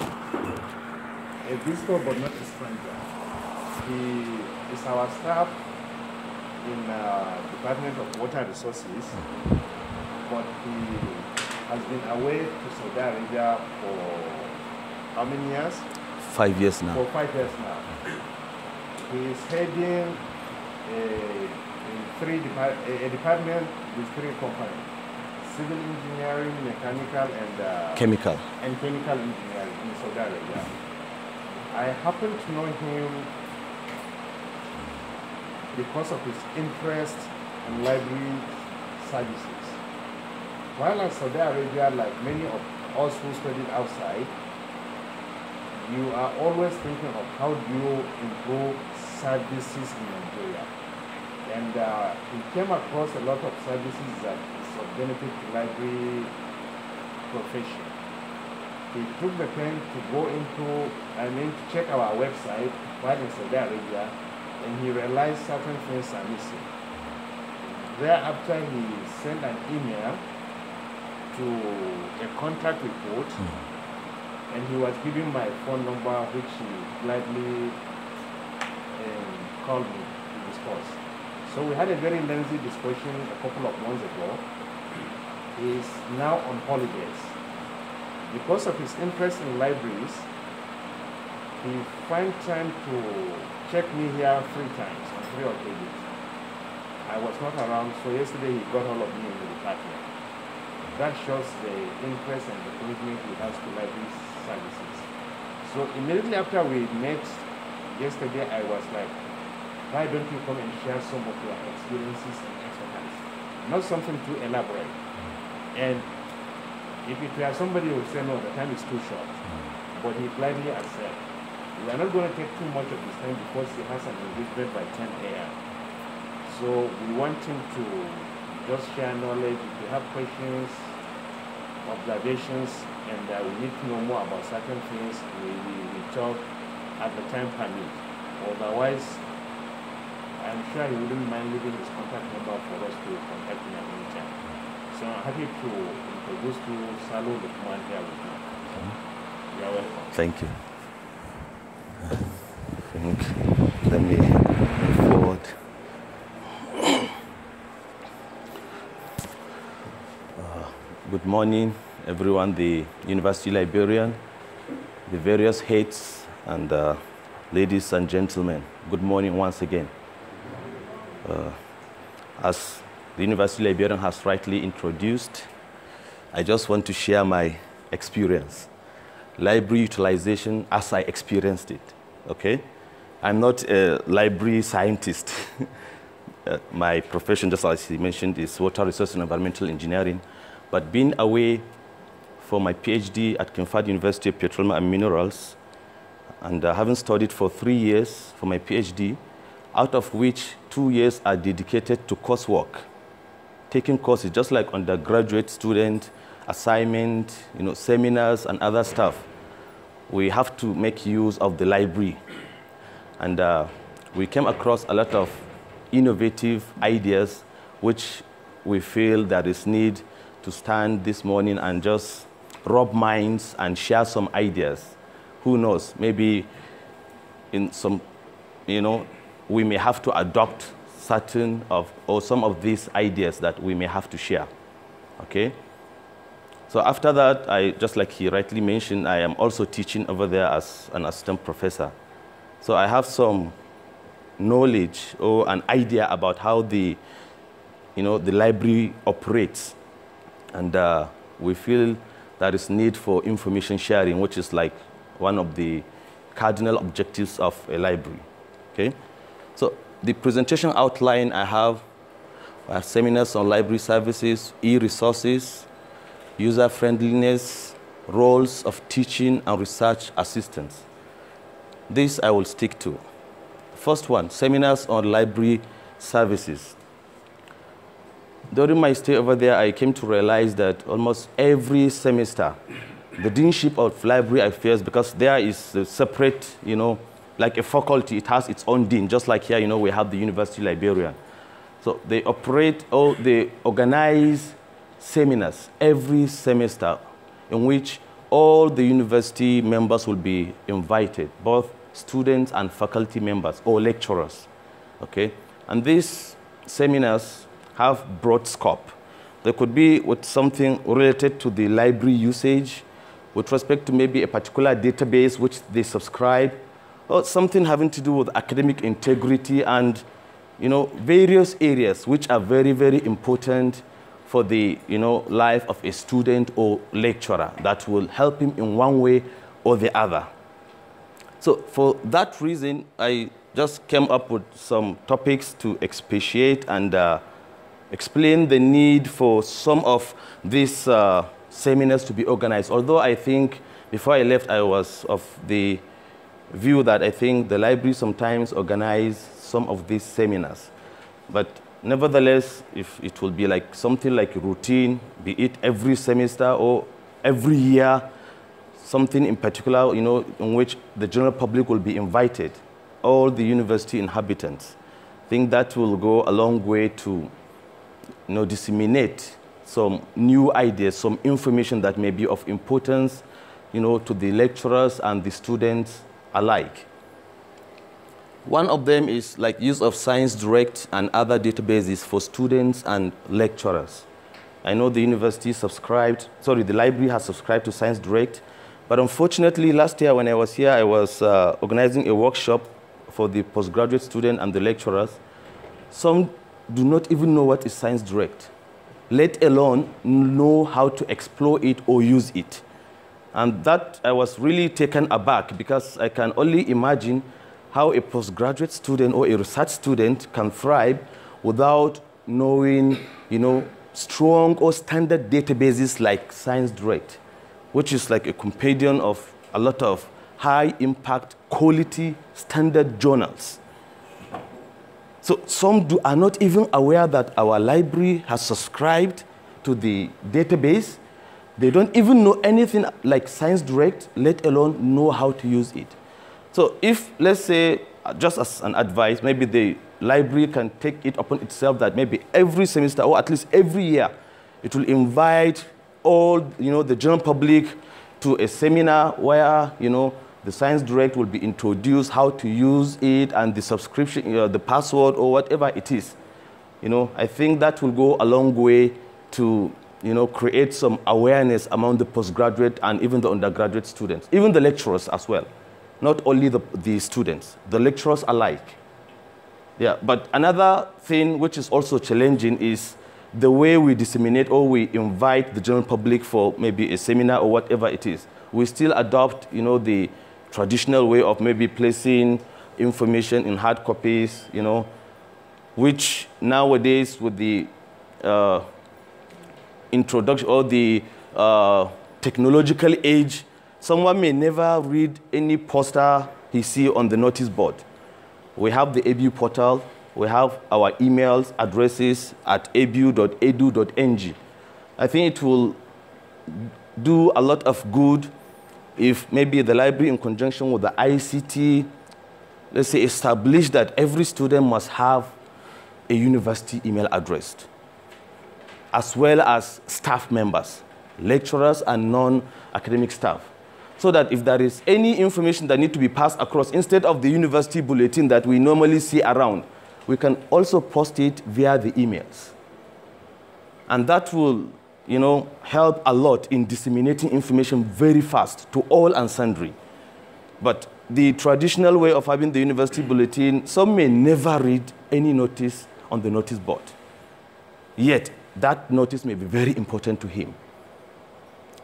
a visitor but not a stranger. He is our staff in the uh, Department of Water Resources, but he has been away to Saudi Arabia for how many years? Five years now. For five years now. He is heading a, a, three depart a, a department with three companies civil engineering, mechanical, and uh, chemical. And chemical engineering in Saudi Arabia. I happen to know him because of his interest in library services. While in Saudi Arabia, like many of us who studied outside, you are always thinking of how do you improve services in Nigeria. And uh, we came across a lot of services that of benefit to library profession. He took the time to go into, I mean, to check our website while in Saudi Arabia, and he realized certain things are missing. Thereafter, he sent an email to a contact report, mm. and he was given my phone number, which he gladly um, called me to discuss. So we had a very lengthy discussion a couple of months ago, is now on holidays. Because of his interest in libraries, he find time to check me here three times on three occasions. I was not around, so yesterday he got hold of me in the department. That shows the interest and the commitment he has to library services. So immediately after we met yesterday, I was like, why don't you come and share some of your experiences and expertise? Not something too elaborate, and if it were somebody who would say, no, the time is too short, mm. but he politely accept. we are not going to take too much of his time because he has an engagement by 10 a.m. So we want him to just share knowledge. If you have questions, observations, and uh, we need to know more about certain things, we, we, we talk at the time permit. Otherwise, I'm sure he wouldn't mind leaving his contact number for us to contact him. Hmm? Thank You Thank you. let me move forward. Uh, good morning, everyone, the University Librarian, the various heads, and uh, ladies and gentlemen. Good morning once again. Uh, as the University of Liberia has rightly introduced, I just want to share my experience. Library utilization as I experienced it, okay? I'm not a library scientist. Uh, my profession, just as you mentioned, is water resource and environmental engineering. But being away for my PhD at Kinfad University of Petroleum and Minerals, and uh, having studied for three years for my PhD, out of which two years are dedicated to coursework taking courses just like undergraduate student, assignment, you know, seminars and other stuff. We have to make use of the library. And uh, we came across a lot of innovative ideas which we feel that is need to stand this morning and just rub minds and share some ideas. Who knows, maybe in some, you know, we may have to adopt certain of, or some of these ideas that we may have to share, okay? So after that, I, just like he rightly mentioned, I am also teaching over there as an assistant professor. So I have some knowledge or an idea about how the, you know, the library operates. And uh, we feel there is need for information sharing, which is like one of the cardinal objectives of a library. Okay? So the presentation outline I have are seminars on library services, e-resources, user friendliness, roles of teaching and research assistants. This I will stick to. First one, seminars on library services. During my stay over there, I came to realize that almost every semester, the deanship of library affairs, because there is a separate, you know, like a faculty, it has its own dean, just like here, you know, we have the University Liberian. So they operate, or they organize seminars every semester in which all the university members will be invited, both students and faculty members or lecturers, okay? And these seminars have broad scope. They could be with something related to the library usage, with respect to maybe a particular database which they subscribe, or something having to do with academic integrity and you know, various areas which are very, very important for the you know, life of a student or lecturer that will help him in one way or the other. So for that reason, I just came up with some topics to expatiate and uh, explain the need for some of these uh, seminars to be organized. Although I think before I left, I was of the view that I think the library sometimes organize some of these seminars. But nevertheless, if it will be like something like routine, be it every semester or every year, something in particular, you know, in which the general public will be invited, all the university inhabitants. I think that will go a long way to, you know, disseminate some new ideas, some information that may be of importance, you know, to the lecturers and the students alike. One of them is like use of Science Direct and other databases for students and lecturers. I know the university subscribed, sorry, the library has subscribed to Science Direct, but unfortunately last year when I was here, I was uh, organizing a workshop for the postgraduate student and the lecturers. Some do not even know what is Science Direct, let alone know how to explore it or use it. And that I was really taken aback because I can only imagine how a postgraduate student or a research student can thrive without knowing, you know, strong or standard databases like ScienceDirect, which is like a compendium of a lot of high impact quality standard journals. So some do, are not even aware that our library has subscribed to the database they don't even know anything like Science Direct, let alone know how to use it. So if, let's say, just as an advice, maybe the library can take it upon itself that maybe every semester or at least every year, it will invite all, you know, the general public to a seminar where, you know, the Science Direct will be introduced, how to use it, and the subscription, you uh, know, the password or whatever it is. You know, I think that will go a long way to you know, create some awareness among the postgraduate and even the undergraduate students, even the lecturers as well, not only the, the students, the lecturers alike. Yeah, but another thing which is also challenging is the way we disseminate or we invite the general public for maybe a seminar or whatever it is. We still adopt, you know, the traditional way of maybe placing information in hard copies, you know, which nowadays with the uh, introduction or the uh, technological age, someone may never read any poster he see on the notice board. We have the ABU portal. We have our emails, addresses at abu.edu.ng. I think it will do a lot of good if maybe the library in conjunction with the ICT, let's say establish that every student must have a university email address as well as staff members, lecturers and non-academic staff. So that if there is any information that needs to be passed across, instead of the university bulletin that we normally see around, we can also post it via the emails. And that will you know, help a lot in disseminating information very fast to all and sundry. But the traditional way of having the university bulletin, some may never read any notice on the notice board. Yet, that notice may be very important to him.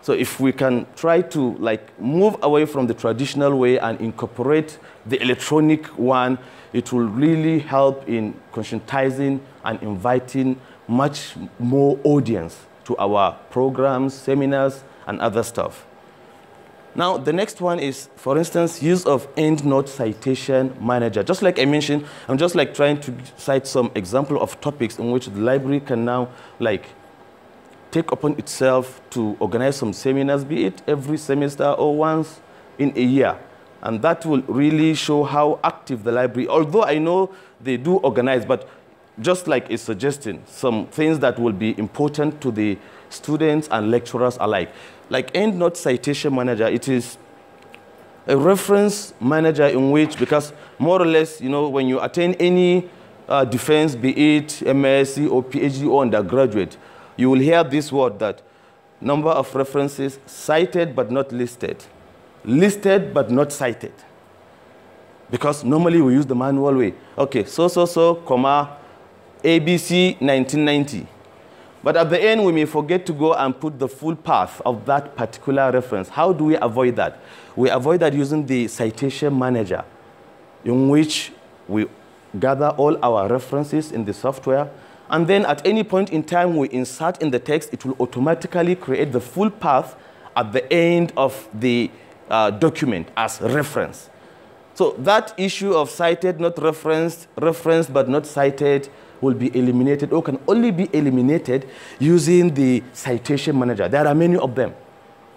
So if we can try to like move away from the traditional way and incorporate the electronic one, it will really help in conscientizing and inviting much more audience to our programs, seminars, and other stuff. Now, the next one is, for instance, use of EndNote Citation Manager. Just like I mentioned, I'm just like trying to cite some example of topics in which the library can now like take upon itself to organize some seminars, be it every semester or once in a year. And that will really show how active the library, although I know they do organize, but just like a suggesting, some things that will be important to the students and lecturers alike like EndNote Citation Manager, it is a reference manager in which, because more or less, you know, when you attend any uh, defense, be it MSc or PhD or undergraduate, you will hear this word that number of references cited but not listed, listed but not cited. Because normally we use the manual way. Okay, so, so, so, comma, ABC 1990. But at the end, we may forget to go and put the full path of that particular reference. How do we avoid that? We avoid that using the citation manager, in which we gather all our references in the software, and then at any point in time we insert in the text, it will automatically create the full path at the end of the uh, document as reference. So that issue of cited, not referenced, referenced but not cited, will be eliminated or can only be eliminated using the citation manager. There are many of them.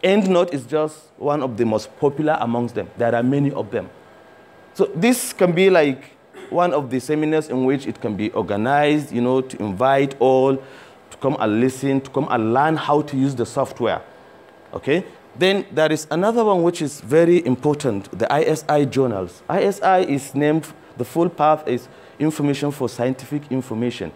EndNote is just one of the most popular amongst them. There are many of them. So this can be like one of the seminars in which it can be organized, you know, to invite all to come and listen, to come and learn how to use the software. Okay? Then there is another one which is very important, the ISI journals. ISI is named, the full path is information for scientific information.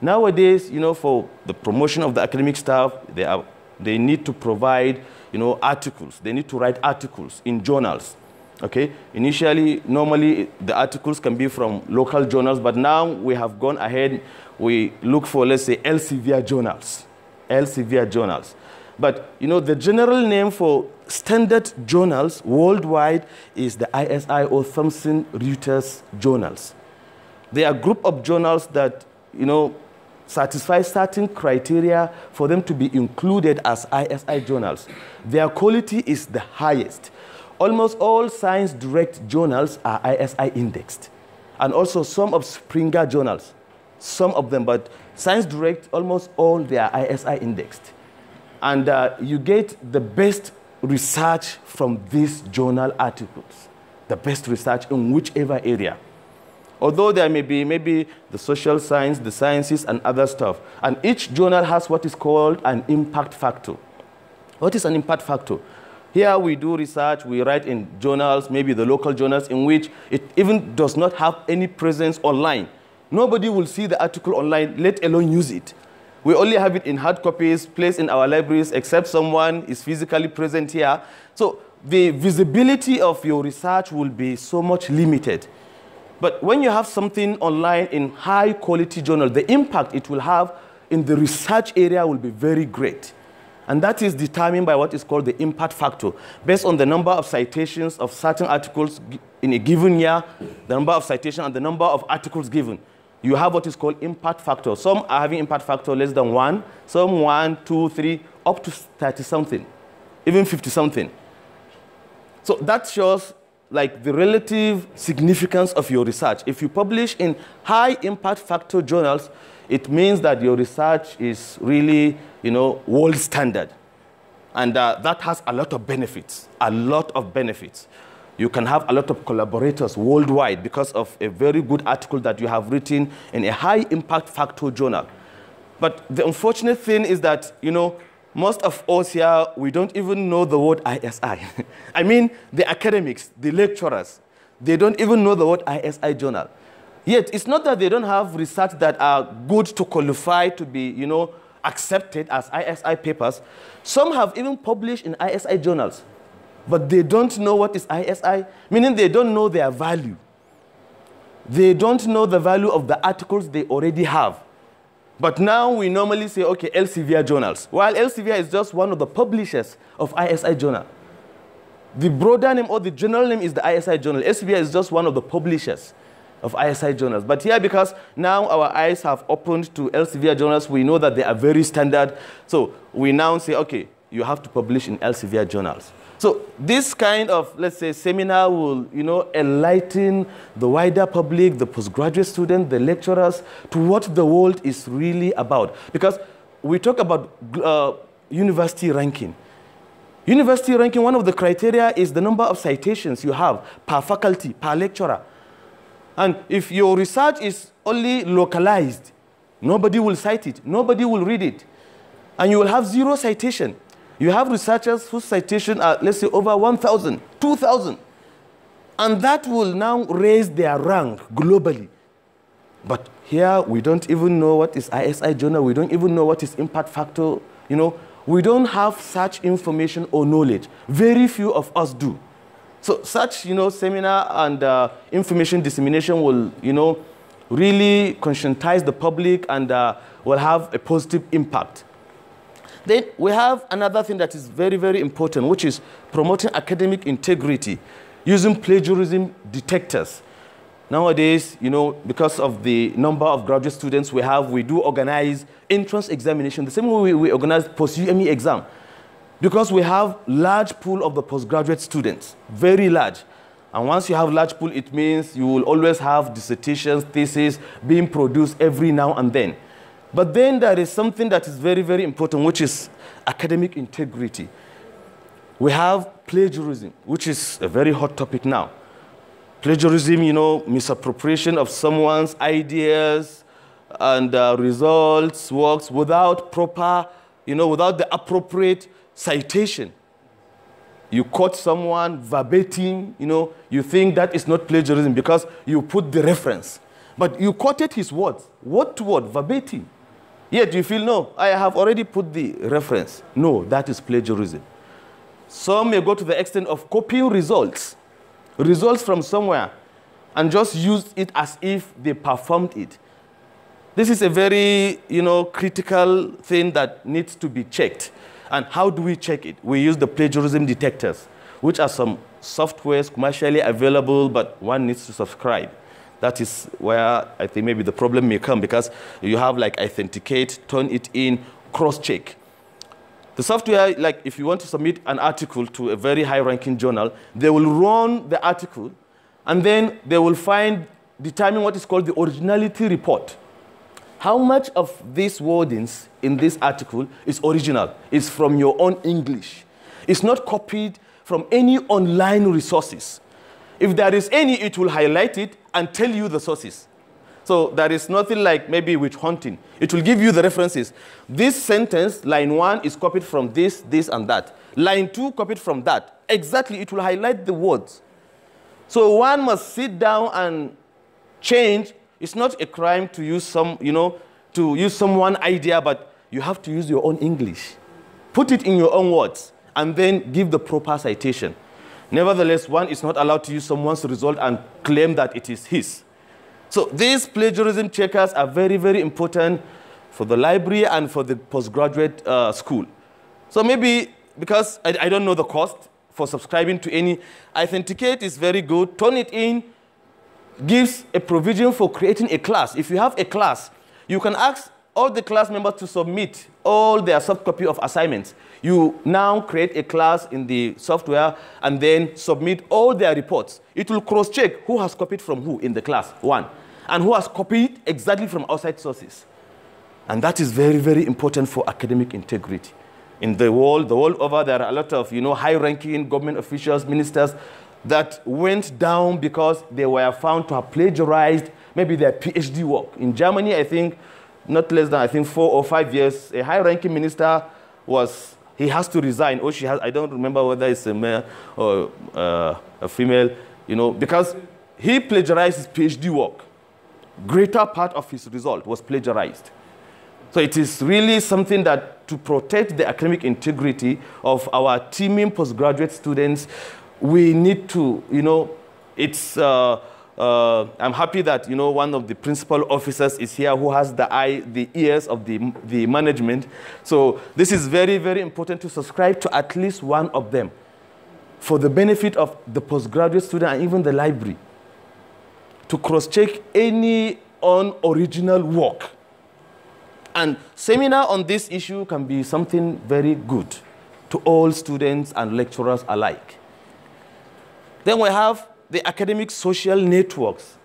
Nowadays, you know, for the promotion of the academic staff, they, are, they need to provide, you know, articles. They need to write articles in journals. Okay, initially, normally the articles can be from local journals, but now we have gone ahead, we look for, let's say, Elsevier journals, Elsevier journals. But, you know, the general name for standard journals worldwide is the ISIO Thomson Reuters journals. There are a group of journals that, you know, satisfy certain criteria for them to be included as ISI journals. Their quality is the highest. Almost all science direct journals are ISI indexed, and also some of Springer journals, some of them, but science direct, almost all they are ISI indexed. And uh, you get the best research from these journal articles, the best research in whichever area although there may be maybe the social science, the sciences, and other stuff. And each journal has what is called an impact factor. What is an impact factor? Here we do research, we write in journals, maybe the local journals, in which it even does not have any presence online. Nobody will see the article online, let alone use it. We only have it in hard copies, placed in our libraries, except someone is physically present here. So the visibility of your research will be so much limited. But when you have something online in high quality journal, the impact it will have in the research area will be very great. And that is determined by what is called the impact factor, based on the number of citations of certain articles in a given year, the number of citations and the number of articles given. You have what is called impact factor. Some are having impact factor less than one, some one, two, three, up to 30 something, even 50 something. So that shows like the relative significance of your research. If you publish in high impact factor journals, it means that your research is really, you know, world standard. And uh, that has a lot of benefits, a lot of benefits. You can have a lot of collaborators worldwide because of a very good article that you have written in a high impact factor journal. But the unfortunate thing is that, you know, most of us here, we don't even know the word ISI. I mean, the academics, the lecturers, they don't even know the word ISI journal. Yet, it's not that they don't have research that are good to qualify to be, you know, accepted as ISI papers. Some have even published in ISI journals, but they don't know what is ISI, meaning they don't know their value. They don't know the value of the articles they already have. But now we normally say, okay, Elsevier journals. While Elsevier is just one of the publishers of ISI journal. The broader name or the general name is the ISI journal. Elsevier is just one of the publishers of ISI journals. But here, because now our eyes have opened to Elsevier journals, we know that they are very standard. So we now say, okay, you have to publish in Elsevier journals. So this kind of, let's say, seminar will, you know, enlighten the wider public, the postgraduate students, the lecturers, to what the world is really about. Because we talk about uh, university ranking. University ranking, one of the criteria is the number of citations you have per faculty, per lecturer. And if your research is only localized, nobody will cite it, nobody will read it, and you will have zero citation. You have researchers whose citation are, let's say, over 1,000, 2,000. And that will now raise their rank globally. But here, we don't even know what is ISI journal. We don't even know what is impact factor. You know, we don't have such information or knowledge. Very few of us do. So such, you know, seminar and uh, information dissemination will, you know, really conscientize the public and uh, will have a positive impact. Then we have another thing that is very, very important, which is promoting academic integrity using plagiarism detectors. Nowadays, you know, because of the number of graduate students we have, we do organize entrance examination the same way we, organize post-UME exam. Because we have large pool of the postgraduate students, very large. And once you have large pool, it means you will always have dissertations, theses being produced every now and then. But then there is something that is very, very important, which is academic integrity. We have plagiarism, which is a very hot topic now. Plagiarism, you know, misappropriation of someone's ideas and uh, results, works without proper, you know, without the appropriate citation. You quote someone verbatim, you know, you think that is not plagiarism because you put the reference. But you quoted his words, word to word, verbatim. Yet you feel, no, I have already put the reference. No, that is plagiarism. Some may go to the extent of copying results, results from somewhere, and just use it as if they performed it. This is a very, you know, critical thing that needs to be checked. And how do we check it? We use the plagiarism detectors, which are some softwares commercially available, but one needs to subscribe that is where I think maybe the problem may come because you have like authenticate, turn it in, cross-check. The software, like if you want to submit an article to a very high-ranking journal, they will run the article and then they will find, determine what is called the originality report. How much of these wordings in this article is original, is from your own English. It's not copied from any online resources. If there is any, it will highlight it and tell you the sources. So there is nothing like maybe witch hunting. It will give you the references. This sentence, line one, is copied from this, this, and that. Line two, copied from that. Exactly, it will highlight the words. So one must sit down and change. It's not a crime to use some, you know, to use someone idea, but you have to use your own English. Put it in your own words, and then give the proper citation. Nevertheless, one is not allowed to use someone's result and claim that it is his. So these plagiarism checkers are very, very important for the library and for the postgraduate uh, school. So maybe, because I, I don't know the cost for subscribing to any, authenticate is very good. Turn it in gives a provision for creating a class. If you have a class, you can ask all the class members to submit all their soft copy of assignments. You now create a class in the software and then submit all their reports. It will cross-check who has copied from who in the class, one, and who has copied exactly from outside sources. And that is very, very important for academic integrity. In the world, the world over, there are a lot of you know, high-ranking government officials, ministers, that went down because they were found to have plagiarized maybe their PhD work. In Germany, I think, not less than, I think, four or five years, a high-ranking minister was he has to resign, or oh, she has, I don't remember whether it's a male or uh, a female, you know, because he plagiarized his PhD work. Greater part of his result was plagiarized. So it is really something that to protect the academic integrity of our teaming postgraduate students, we need to, you know, it's uh, uh, I'm happy that you know one of the principal officers is here who has the eye, the ears of the, the management. So this is very, very important to subscribe to at least one of them for the benefit of the postgraduate student and even the library to cross-check any unoriginal work. And seminar on this issue can be something very good to all students and lecturers alike. Then we have the academic social networks.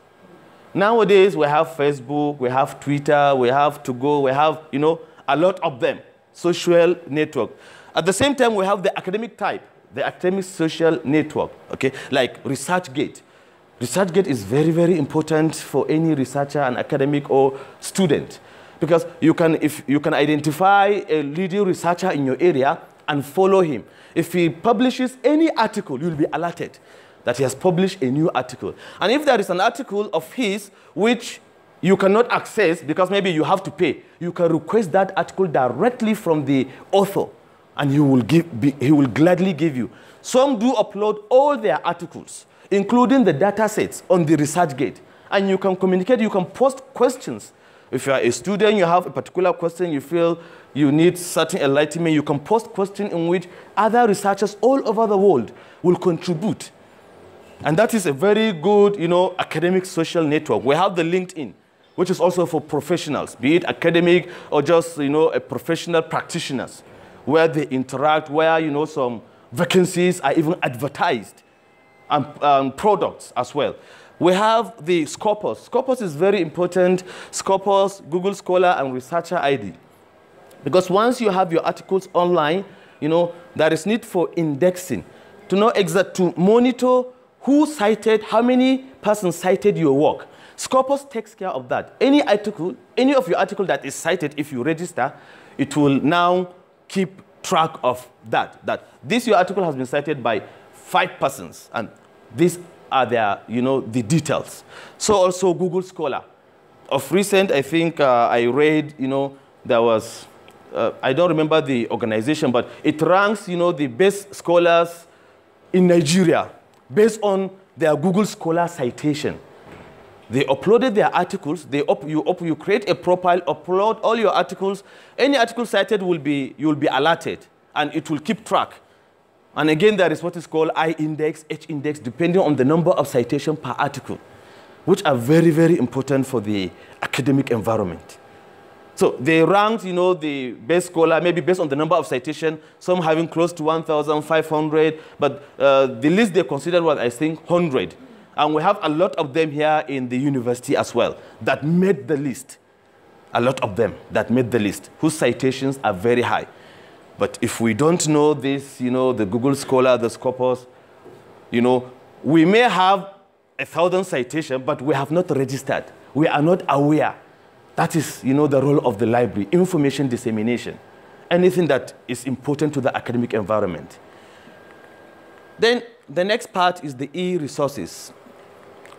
Nowadays, we have Facebook, we have Twitter, we have To Go, we have, you know, a lot of them, social network. At the same time, we have the academic type, the academic social network, okay, like ResearchGate. ResearchGate is very, very important for any researcher, an academic or student, because you can, if you can identify a leading researcher in your area and follow him. If he publishes any article, you'll be alerted that he has published a new article. And if there is an article of his which you cannot access because maybe you have to pay, you can request that article directly from the author and he will, give, he will gladly give you. Some do upload all their articles, including the data sets on the ResearchGate. And you can communicate, you can post questions. If you are a student, you have a particular question, you feel you need certain enlightenment, you can post questions in which other researchers all over the world will contribute and that is a very good, you know, academic social network. We have the LinkedIn, which is also for professionals, be it academic or just, you know, a professional practitioners, where they interact, where, you know, some vacancies are even advertised and um, products as well. We have the Scopus. Scopus is very important. Scopus, Google Scholar, and Researcher ID. Because once you have your articles online, you know, there is need for indexing to know exact, to monitor who cited, how many persons cited your work? Scopus takes care of that. Any article, any of your article that is cited, if you register, it will now keep track of that. That this your article has been cited by five persons, and these are their, you know, the details. So also Google Scholar. Of recent, I think uh, I read, you know, there was, uh, I don't remember the organization, but it ranks, you know, the best scholars in Nigeria based on their Google Scholar citation. They uploaded their articles. They up, you, up, you create a profile, upload all your articles. Any article cited will be, you'll be alerted, and it will keep track. And again, there is what is called I-index, H-index, depending on the number of citation per article, which are very, very important for the academic environment. So they ranked, you know, the best scholar, maybe based on the number of citation, some having close to 1,500, but uh, the least they considered was, I think, 100. And we have a lot of them here in the university as well that made the list. A lot of them that made the list, whose citations are very high. But if we don't know this, you know, the Google Scholar, the Scopus, you know, we may have a thousand citation, but we have not registered. We are not aware that is, you know, the role of the library, information dissemination, anything that is important to the academic environment. Then the next part is the e-resources,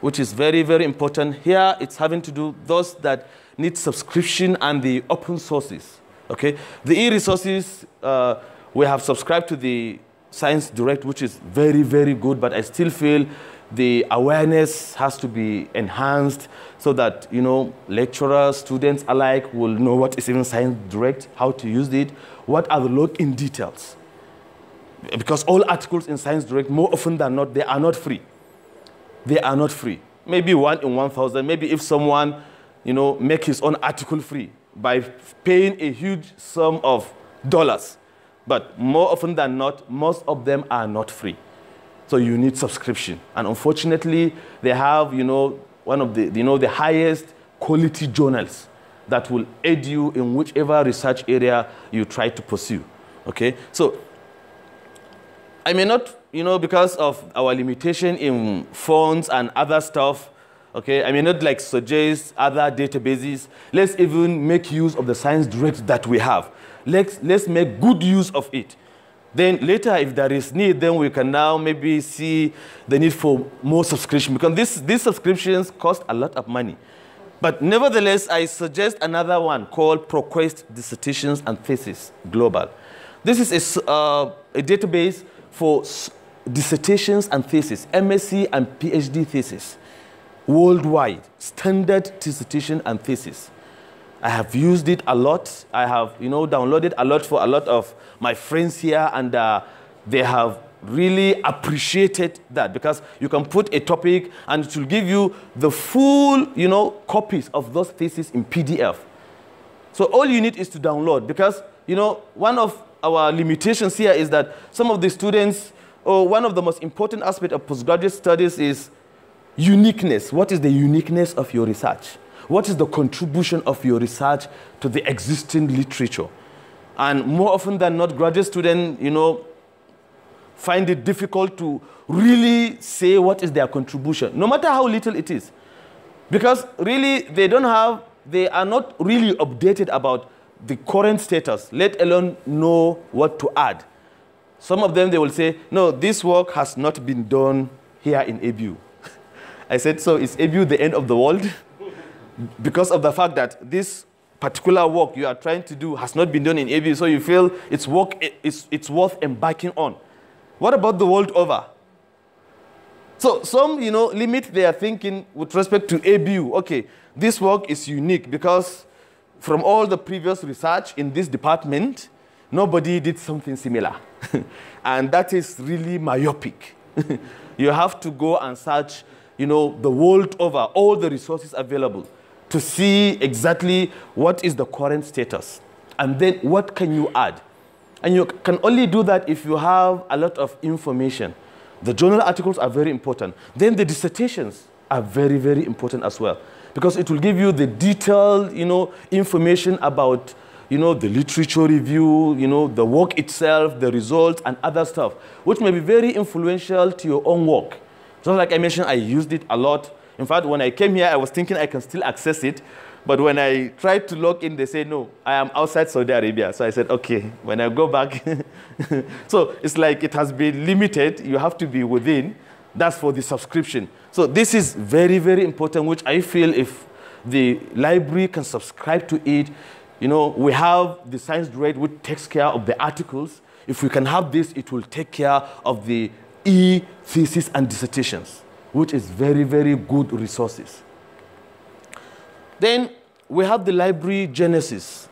which is very, very important. Here it's having to do those that need subscription and the open sources, okay? The e-resources, uh, we have subscribed to the Science Direct, which is very, very good, but I still feel the awareness has to be enhanced so that you know lecturers, students alike will know what is even science direct, how to use it, what are the look in details. Because all articles in Science Direct, more often than not, they are not free. They are not free. Maybe one in 1,000. Maybe if someone, you know, make his own article free by paying a huge sum of dollars. But more often than not, most of them are not free. So you need subscription. And unfortunately, they have, you know, one of the, you know, the highest quality journals that will aid you in whichever research area you try to pursue. Okay? So I may not, you know, because of our limitation in phones and other stuff, okay, I may not like suggest other databases. Let's even make use of the science direct that we have. Let's, let's make good use of it. Then later, if there is need, then we can now maybe see the need for more subscription because this, these subscriptions cost a lot of money. But nevertheless, I suggest another one called ProQuest Dissertations and Theses Global. This is a, uh, a database for dissertations and theses, MSc and PhD theses, worldwide, standard dissertation and thesis. I have used it a lot. I have, you know, downloaded a lot for a lot of my friends here, and uh, they have really appreciated that because you can put a topic and it will give you the full, you know, copies of those theses in PDF. So all you need is to download because, you know, one of our limitations here is that some of the students, or one of the most important aspects of postgraduate studies is uniqueness. What is the uniqueness of your research? what is the contribution of your research to the existing literature? And more often than not, graduate students, you know, find it difficult to really say what is their contribution, no matter how little it is. Because really, they don't have, they are not really updated about the current status, let alone know what to add. Some of them, they will say, no, this work has not been done here in ABU. I said, so is ABU the end of the world? because of the fact that this particular work you are trying to do has not been done in ABU, so you feel it's, work, it's, it's worth embarking on. What about the world over? So some, you know, limit their thinking with respect to ABU. Okay, this work is unique because from all the previous research in this department, nobody did something similar. and that is really myopic. you have to go and search, you know, the world over, all the resources available to see exactly what is the current status and then what can you add. And you can only do that if you have a lot of information. The journal articles are very important. Then the dissertations are very, very important as well because it will give you the detailed, you know, information about, you know, the literature review, you know, the work itself, the results, and other stuff, which may be very influential to your own work. Just like I mentioned, I used it a lot in fact, when I came here, I was thinking I can still access it. But when I tried to log in, they say, no, I am outside Saudi Arabia. So I said, okay, when I go back. so it's like it has been limited. You have to be within. That's for the subscription. So this is very, very important, which I feel if the library can subscribe to it, you know, we have the science grade which takes care of the articles. If we can have this, it will take care of the e-thesis and dissertations which is very, very good resources. Then we have the library Genesis.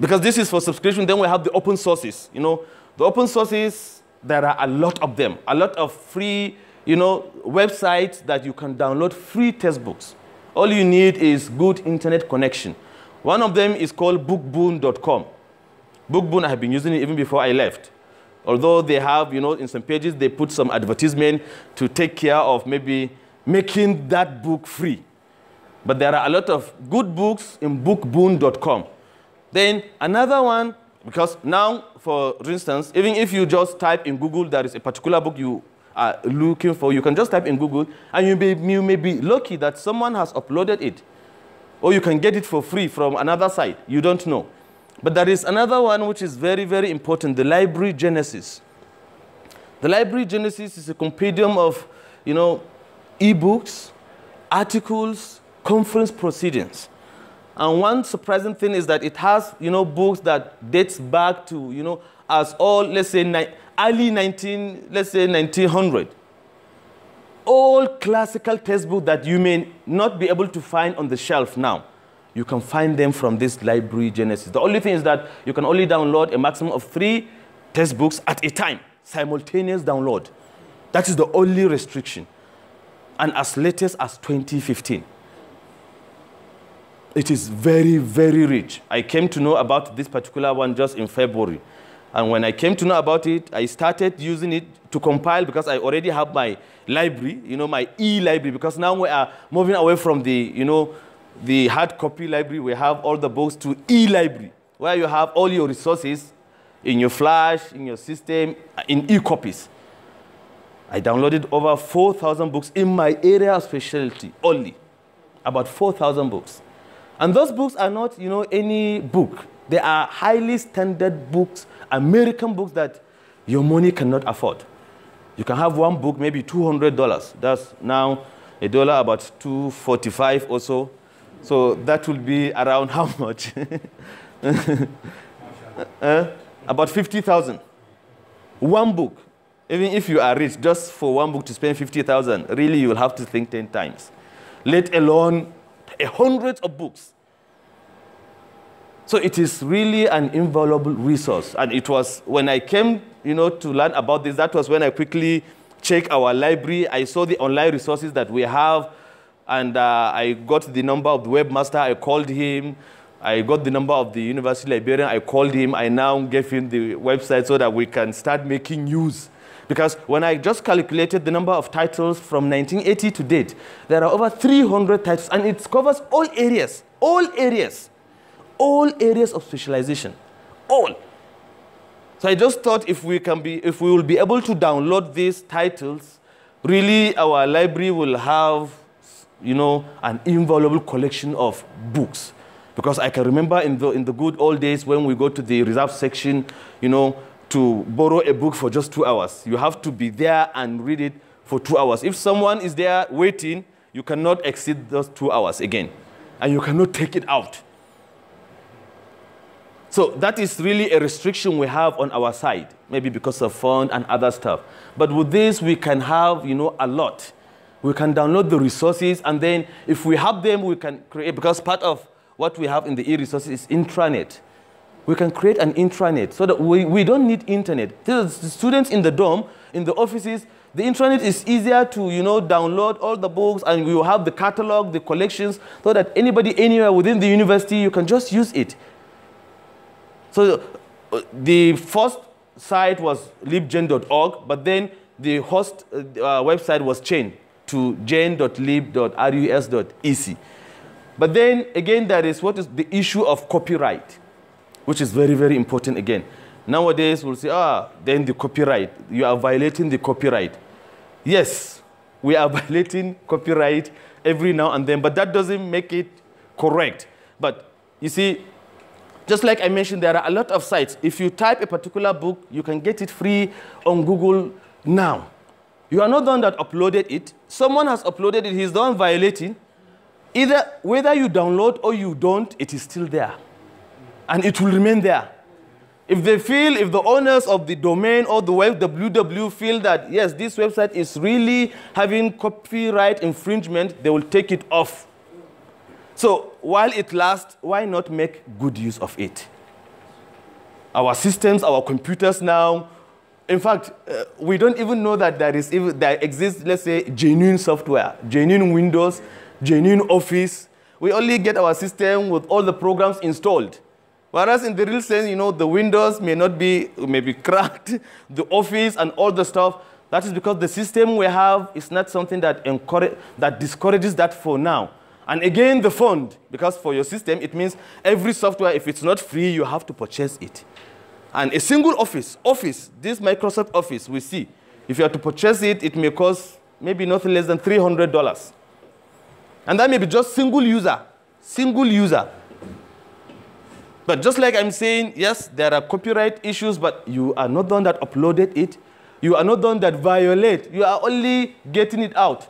Because this is for subscription, then we have the open sources. You know, the open sources, there are a lot of them, a lot of free, you know, websites that you can download free textbooks. All you need is good internet connection. One of them is called bookboon.com. Bookboon, I have been using it even before I left although they have, you know, in some pages, they put some advertisement to take care of maybe making that book free. But there are a lot of good books in bookboon.com. Then another one, because now, for instance, even if you just type in Google there is a particular book you are looking for, you can just type in Google and you may, you may be lucky that someone has uploaded it. Or you can get it for free from another site. You don't know. But there is another one which is very, very important, the Library Genesis. The Library Genesis is a compendium of, you know, e-books, articles, conference proceedings. And one surprising thing is that it has, you know, books that dates back to, you know, as all, let's say, early 19, let's say 1900. All classical textbooks that you may not be able to find on the shelf now. You can find them from this library Genesis. The only thing is that you can only download a maximum of three textbooks at a time, simultaneous download. That is the only restriction. And as latest as 2015. It is very, very rich. I came to know about this particular one just in February. And when I came to know about it, I started using it to compile because I already have my library, you know, my e-library, because now we are moving away from the, you know, the hard copy library, we have all the books to e-library, where you have all your resources in your flash, in your system, in e-copies. I downloaded over 4,000 books in my area of specialty only, about 4,000 books. And those books are not, you know, any book. They are highly standard books, American books that your money cannot afford. You can have one book, maybe $200. That's now a dollar about 245 or so. So that will be around how much? uh, about 50,000. One book. Even if you are rich, just for one book to spend 50,000, really you'll have to think 10 times. Let alone a hundred of books. So it is really an invaluable resource. And it was when I came, you know, to learn about this, that was when I quickly checked our library. I saw the online resources that we have and uh, I got the number of the webmaster. I called him. I got the number of the university librarian. I called him. I now gave him the website so that we can start making news. Because when I just calculated the number of titles from 1980 to date, there are over 300 titles, and it covers all areas, all areas, all areas of specialization, all. So I just thought if we can be, if we will be able to download these titles, really our library will have you know, an invaluable collection of books. Because I can remember in the, in the good old days when we go to the reserve section, you know, to borrow a book for just two hours. You have to be there and read it for two hours. If someone is there waiting, you cannot exceed those two hours again. And you cannot take it out. So that is really a restriction we have on our side, maybe because of fund and other stuff. But with this, we can have, you know, a lot we can download the resources, and then if we have them, we can create, because part of what we have in the e-resources is intranet. We can create an intranet so that we, we don't need internet. The students in the dorm, in the offices, the intranet is easier to, you know, download all the books and we will have the catalog, the collections, so that anybody anywhere within the university, you can just use it. So uh, the first site was libgen.org, but then the host uh, uh website was changed to jane.lib.rus.ec. But then again, there is what is the issue of copyright, which is very, very important again. Nowadays, we'll say, ah, then the copyright, you are violating the copyright. Yes, we are violating copyright every now and then, but that doesn't make it correct. But you see, just like I mentioned, there are a lot of sites. If you type a particular book, you can get it free on Google now. You are not the one that uploaded it. Someone has uploaded it. He's the one violating. Either whether you download or you don't, it is still there. And it will remain there. If they feel, if the owners of the domain or the web www feel that, yes, this website is really having copyright infringement, they will take it off. So while it lasts, why not make good use of it? Our systems, our computers now, in fact, uh, we don't even know that there, is, even, there exists, let's say, genuine software, genuine Windows, genuine Office. We only get our system with all the programs installed. Whereas in the real sense, you know, the windows may not be, may be cracked, the office and all the stuff. That is because the system we have is not something that, encourage, that discourages that for now. And again, the fund, because for your system, it means every software, if it's not free, you have to purchase it. And a single office, office, this Microsoft Office we see, if you are to purchase it, it may cost maybe nothing less than $300. And that may be just single user, single user. But just like I'm saying, yes, there are copyright issues, but you are not the one that uploaded it. You are not the one that violate. You are only getting it out.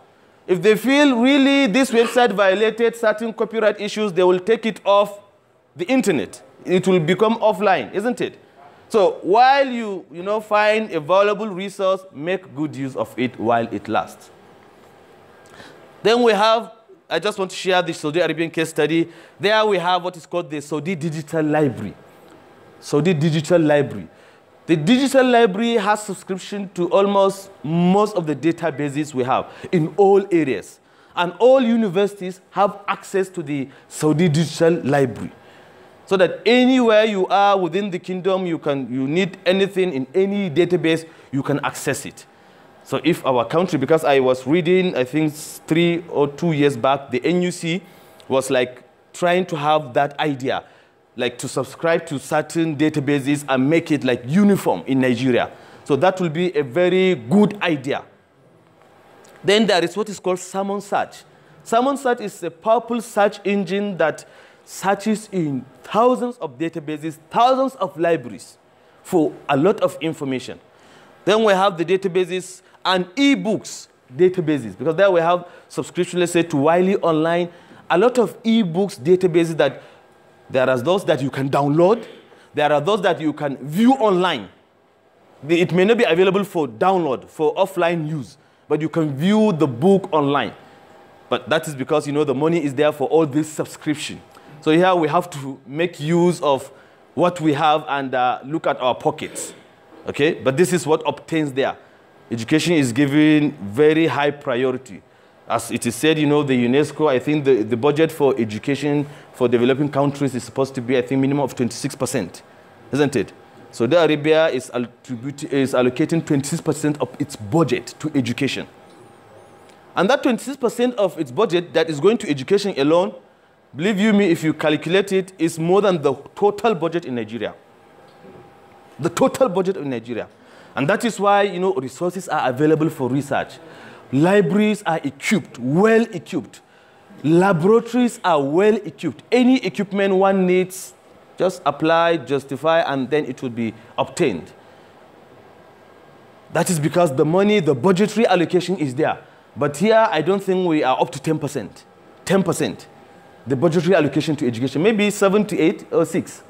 If they feel really this website violated certain copyright issues, they will take it off the internet. It will become offline, isn't it? So while you, you know, find a valuable resource, make good use of it while it lasts. Then we have, I just want to share the Saudi Arabian case study. There we have what is called the Saudi Digital Library. Saudi Digital Library. The digital library has subscription to almost most of the databases we have in all areas. And all universities have access to the Saudi Digital Library so that anywhere you are within the kingdom, you, can, you need anything in any database, you can access it. So if our country, because I was reading, I think three or two years back, the NUC was like trying to have that idea, like to subscribe to certain databases and make it like uniform in Nigeria. So that will be a very good idea. Then there is what is called Salmon Search. Salmon Search is a powerful search engine that searches in thousands of databases, thousands of libraries for a lot of information. Then we have the databases and e-books databases, because there we have subscription, let's say, to Wiley Online, a lot of e-books databases that there are those that you can download, there are those that you can view online. It may not be available for download, for offline use, but you can view the book online. But that is because, you know, the money is there for all this subscription. So here we have to make use of what we have and uh, look at our pockets. Okay, but this is what obtains there. Education is given very high priority. As it is said, you know, the UNESCO, I think the, the budget for education for developing countries is supposed to be, I think, minimum of 26%, isn't it? Saudi the Arabia is, is allocating 26% of its budget to education. And that 26% of its budget that is going to education alone Believe you me, if you calculate it, it's more than the total budget in Nigeria. The total budget in Nigeria. And that is why, you know, resources are available for research. Libraries are equipped, well equipped. Laboratories are well equipped. Any equipment one needs, just apply, justify, and then it will be obtained. That is because the money, the budgetary allocation is there. But here, I don't think we are up to 10%. 10% the budgetary allocation to education, maybe 7 to 8 or 6,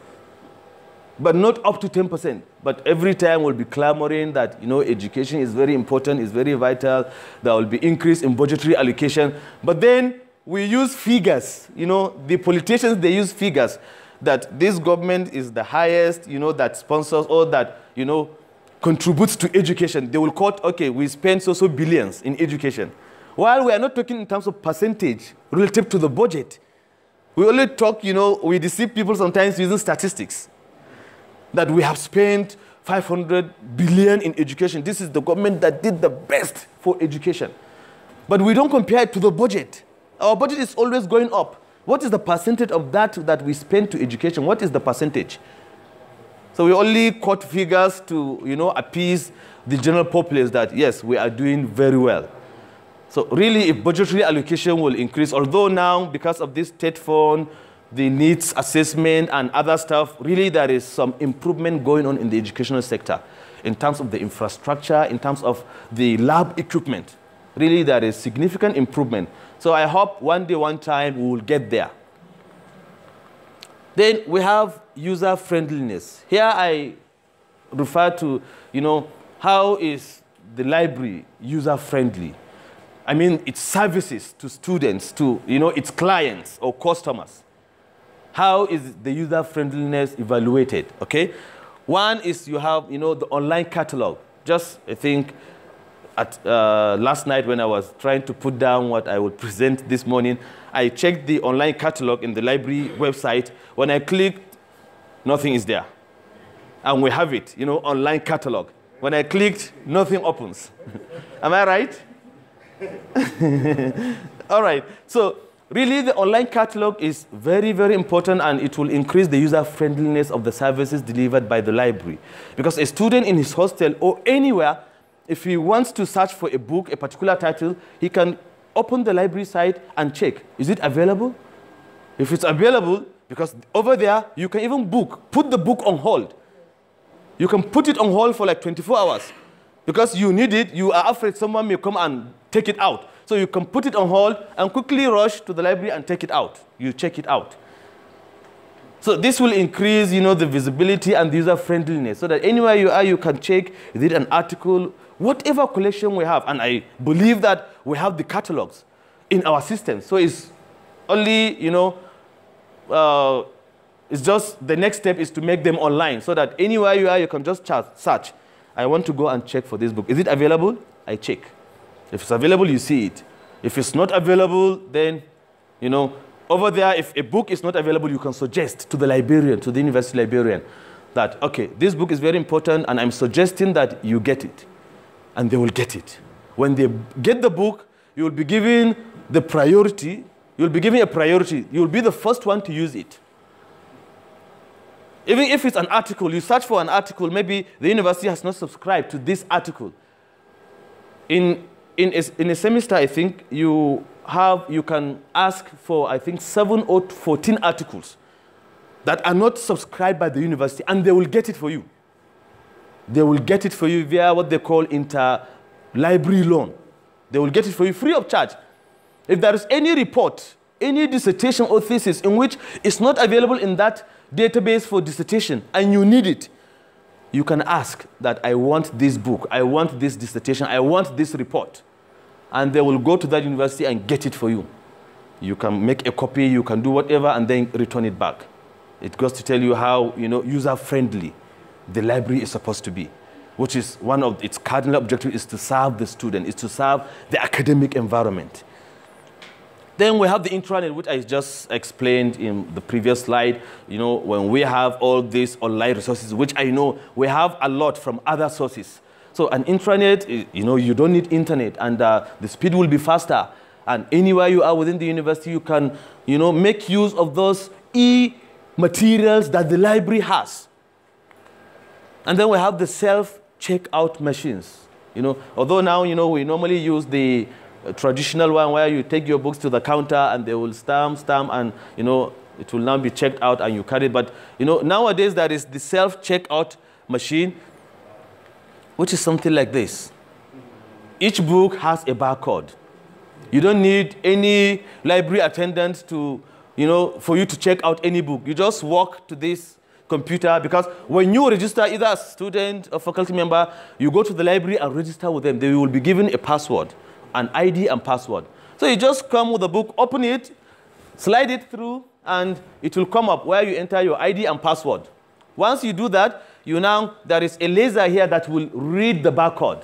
but not up to 10%. But every time we'll be clamoring that, you know, education is very important, is very vital, there will be increase in budgetary allocation. But then we use figures, you know, the politicians, they use figures that this government is the highest, you know, that sponsors or that, you know, contributes to education. They will quote, okay, we spend so-so billions in education. While we are not talking in terms of percentage relative to the budget, we only talk, you know, we deceive people sometimes using statistics that we have spent 500 billion in education. This is the government that did the best for education. But we don't compare it to the budget. Our budget is always going up. What is the percentage of that that we spend to education? What is the percentage? So we only quote figures to, you know, appease the general populace that, yes, we are doing very well. So really, if budgetary allocation will increase, although now, because of this state fund, the needs assessment and other stuff, really there is some improvement going on in the educational sector in terms of the infrastructure, in terms of the lab equipment. Really, there is significant improvement. So I hope one day, one time, we will get there. Then we have user friendliness. Here I refer to, you know, how is the library user friendly? I mean, its services to students, to, you know, its clients or customers. How is the user friendliness evaluated, okay? One is you have, you know, the online catalog. Just, I think, at, uh, last night when I was trying to put down what I would present this morning, I checked the online catalog in the library website. When I clicked, nothing is there. And we have it, you know, online catalog. When I clicked, nothing opens. Am I right? All right. So really the online catalog is very, very important and it will increase the user friendliness of the services delivered by the library. Because a student in his hostel or anywhere, if he wants to search for a book, a particular title, he can open the library site and check, is it available? If it's available, because over there, you can even book, put the book on hold. You can put it on hold for like 24 hours because you need it. You are afraid someone may come and take it out. So you can put it on hold and quickly rush to the library and take it out. You check it out. So this will increase, you know, the visibility and the user friendliness so that anywhere you are, you can check, is it an article, whatever collection we have. And I believe that we have the catalogs in our system. So it's only, you know, uh, it's just the next step is to make them online so that anywhere you are, you can just search. I want to go and check for this book. Is it available? I check. If it's available, you see it. If it's not available, then, you know, over there, if a book is not available, you can suggest to the librarian, to the university librarian, that, okay, this book is very important and I'm suggesting that you get it. And they will get it. When they get the book, you will be given the priority. You will be given a priority. You will be the first one to use it. Even if it's an article, you search for an article, maybe the university has not subscribed to this article. In in a, in a semester, I think you have you can ask for I think seven or fourteen articles that are not subscribed by the university, and they will get it for you. They will get it for you via what they call inter-library loan. They will get it for you free of charge. If there is any report, any dissertation or thesis in which it's not available in that database for dissertation, and you need it, you can ask that I want this book, I want this dissertation, I want this report. And they will go to that university and get it for you. You can make a copy, you can do whatever, and then return it back. It goes to tell you how you know, user-friendly the library is supposed to be, which is one of its cardinal objective is to serve the student, is to serve the academic environment. Then we have the intranet, which I just explained in the previous slide. You know, when we have all these online resources, which I know we have a lot from other sources. So an intranet, you know, you don't need internet, and uh, the speed will be faster. And anywhere you are within the university, you can, you know, make use of those e-materials that the library has. And then we have the self-checkout machines. You know, although now, you know, we normally use the traditional one where you take your books to the counter and they will stamp, stamp, and you know it will now be checked out and you carry it. But you know nowadays there is the self-checkout machine, which is something like this. Each book has a barcode. You don't need any library attendant to, you know, for you to check out any book. You just walk to this computer because when you register either a student or faculty member, you go to the library and register with them. They will be given a password an ID and password. So you just come with the book, open it, slide it through, and it will come up where you enter your ID and password. Once you do that, you now, there is a laser here that will read the barcode.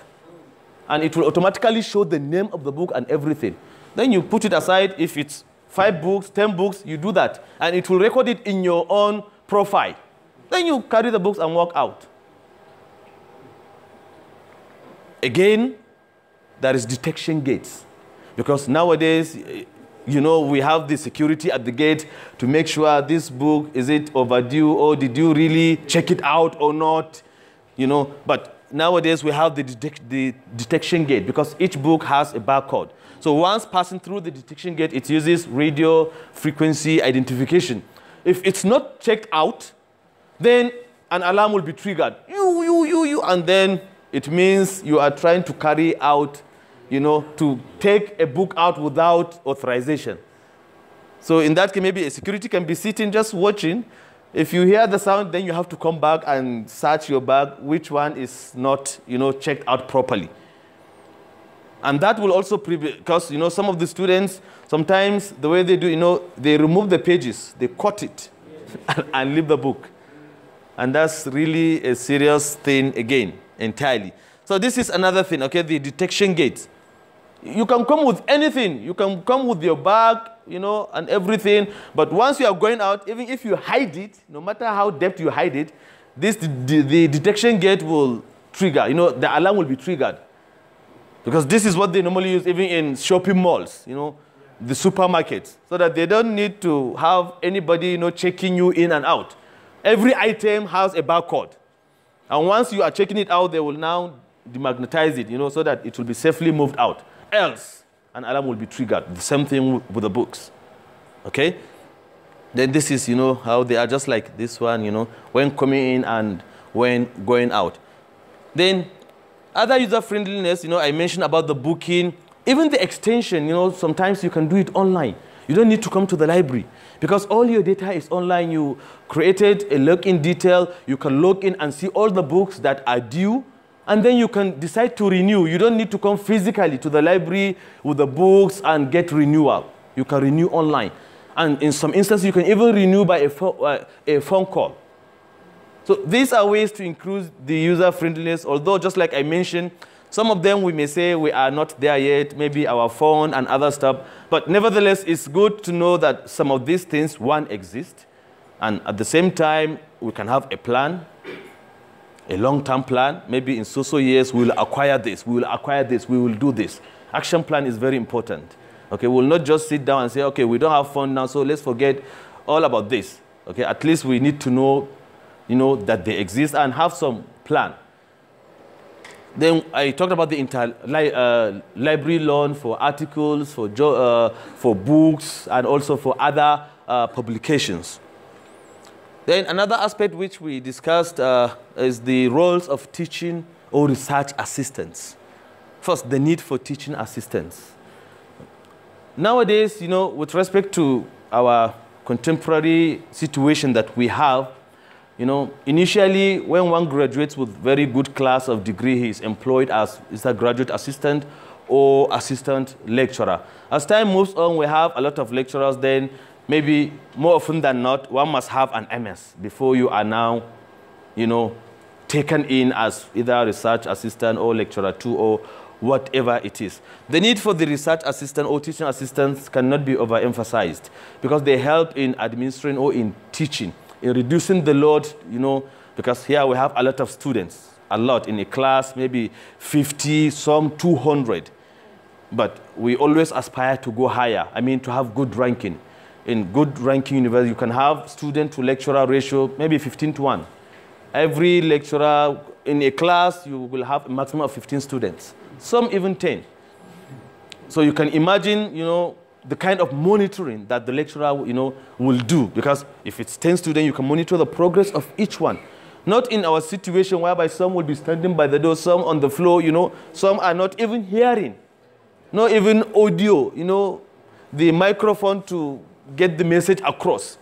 And it will automatically show the name of the book and everything. Then you put it aside. If it's five books, 10 books, you do that. And it will record it in your own profile. Then you carry the books and walk out. Again, there is detection gates. Because nowadays, eh, you know, we have the security at the gate to make sure this book, is it overdue or did you really check it out or not? You know, but nowadays we have the, the detection gate because each book has a barcode. So once passing through the detection gate, it uses radio frequency identification. If it's not checked out, then an alarm will be triggered. You, you, you, you, and then it means you are trying to carry out you know, to take a book out without authorization. So in that case, maybe a security can be sitting just watching. If you hear the sound, then you have to come back and search your bag, which one is not, you know, checked out properly. And that will also, because, you know, some of the students, sometimes the way they do, you know, they remove the pages, they cut it and, and leave the book. And that's really a serious thing again, entirely. So this is another thing, okay, the detection gates. You can come with anything. You can come with your bag, you know, and everything. But once you are going out, even if you hide it, no matter how deep you hide it, this the, the detection gate will trigger. You know, the alarm will be triggered. Because this is what they normally use even in shopping malls, you know, the supermarkets, so that they don't need to have anybody, you know, checking you in and out. Every item has a barcode. And once you are checking it out, they will now demagnetize it, you know, so that it will be safely moved out else, an alarm will be triggered. The same thing with the books. Okay? Then this is, you know, how they are just like this one, you know, when coming in and when going out. Then other user friendliness, you know, I mentioned about the booking, even the extension, you know, sometimes you can do it online. You don't need to come to the library because all your data is online. You created a login detail. You can log in and see all the books that are due and then you can decide to renew. You don't need to come physically to the library with the books and get renewal. You can renew online. And in some instances, you can even renew by a, phone, uh, a phone call. So these are ways to increase the user friendliness, although just like I mentioned, some of them we may say we are not there yet, maybe our phone and other stuff. But nevertheless, it's good to know that some of these things, one, exist. And at the same time, we can have a plan a long-term plan. Maybe in so-so years, we will acquire this, we will acquire this, we will do this. Action plan is very important. Okay, we'll not just sit down and say, okay, we don't have fun now, so let's forget all about this. Okay, at least we need to know, you know, that they exist and have some plan. Then I talked about the inter li uh, library loan for articles, for, uh, for books, and also for other uh, publications. Then another aspect which we discussed uh, is the roles of teaching or research assistants. First, the need for teaching assistants. Nowadays, you know, with respect to our contemporary situation that we have, you know, initially when one graduates with very good class of degree, he is employed as is a graduate assistant or assistant lecturer. As time moves on, we have a lot of lecturers then maybe more often than not, one must have an MS before you are now, you know, taken in as either research assistant or lecturer two or whatever it is. The need for the research assistant or teaching assistants cannot be overemphasized because they help in administering or in teaching, in reducing the load, you know, because here we have a lot of students, a lot in a class, maybe 50, some 200. But we always aspire to go higher, I mean to have good ranking in good ranking university, you can have student to lecturer ratio maybe 15 to 1. Every lecturer in a class, you will have a maximum of 15 students, some even 10. So you can imagine, you know, the kind of monitoring that the lecturer, you know, will do. Because if it's 10 students, you can monitor the progress of each one. Not in our situation whereby some will be standing by the door, some on the floor, you know, some are not even hearing, not even audio, you know, the microphone to get the message across.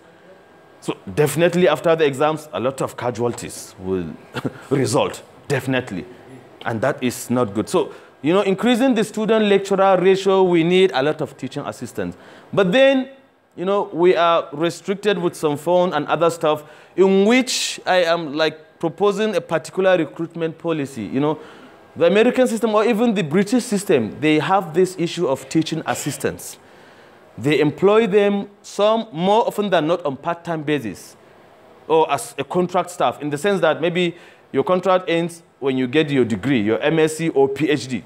So definitely after the exams, a lot of casualties will result, definitely. And that is not good. So, you know, increasing the student-lecturer ratio, we need a lot of teaching assistants. But then, you know, we are restricted with some phone and other stuff in which I am like proposing a particular recruitment policy, you know. The American system or even the British system, they have this issue of teaching assistants. They employ them, some more often than not, on part-time basis or as a contract staff in the sense that maybe your contract ends when you get your degree, your MSc or PhD.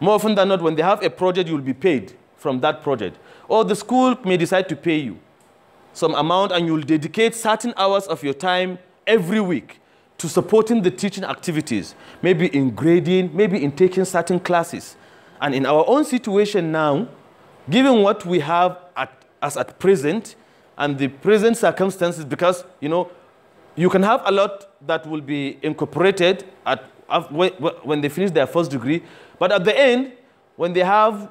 More often than not, when they have a project, you'll be paid from that project. Or the school may decide to pay you some amount and you'll dedicate certain hours of your time every week to supporting the teaching activities, maybe in grading, maybe in taking certain classes. And in our own situation now, given what we have at, as at present and the present circumstances, because you know, you can have a lot that will be incorporated at, when they finish their first degree, but at the end, when they have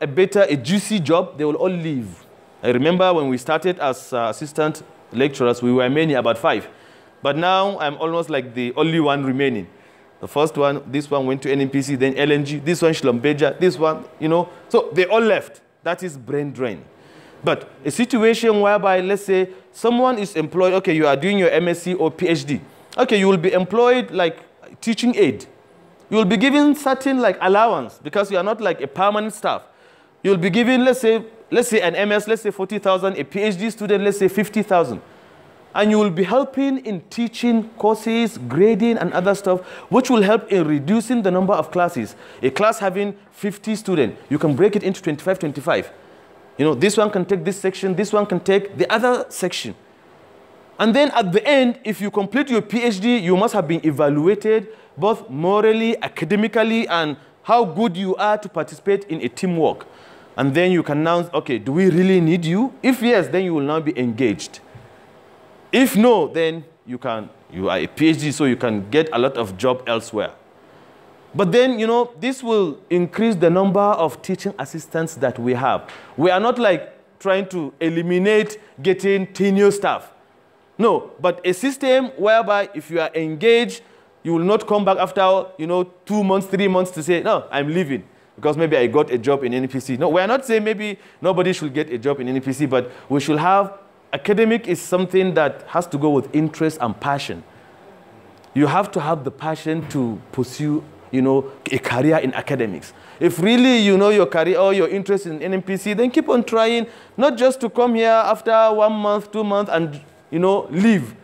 a better, a juicy job, they will all leave. I remember when we started as uh, assistant lecturers, we were many, about five. But now I'm almost like the only one remaining. The first one, this one went to NNPC, then LNG, this one Shlombeja, this one, you know. So they all left. That is brain drain. But a situation whereby, let's say, someone is employed, okay, you are doing your MSc or PhD. Okay, you will be employed like teaching aid. You will be given certain like allowance because you are not like a permanent staff. You will be given, let's say, let's say an MS, let's say 40,000, a PhD student, let's say 50,000 and you will be helping in teaching courses, grading and other stuff, which will help in reducing the number of classes. A class having 50 students, you can break it into 25, 25. You know, this one can take this section, this one can take the other section. And then at the end, if you complete your PhD, you must have been evaluated both morally, academically, and how good you are to participate in a teamwork. And then you can announce, okay, do we really need you? If yes, then you will now be engaged. If no, then you can, you are a PhD, so you can get a lot of job elsewhere. But then, you know, this will increase the number of teaching assistants that we have. We are not like trying to eliminate getting tenure staff. No, but a system whereby if you are engaged, you will not come back after, you know, two months, three months to say, no, I'm leaving because maybe I got a job in NPC. No, we're not saying maybe nobody should get a job in NPC, but we should have academic is something that has to go with interest and passion. You have to have the passion to pursue, you know, a career in academics. If really you know your career or your interest in NMPC, then keep on trying, not just to come here after one month, two months, and, you know, leave.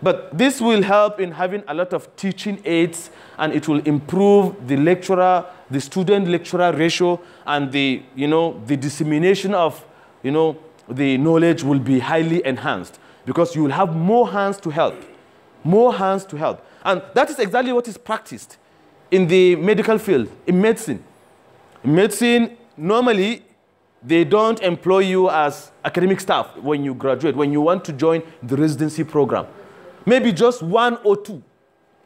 But this will help in having a lot of teaching aids and it will improve the lecturer, the student lecturer ratio and the, you know, the dissemination of, you know, the knowledge will be highly enhanced because you will have more hands to help. More hands to help. And that is exactly what is practiced in the medical field, in medicine. In medicine, normally, they don't employ you as academic staff when you graduate, when you want to join the residency program. Maybe just one or two.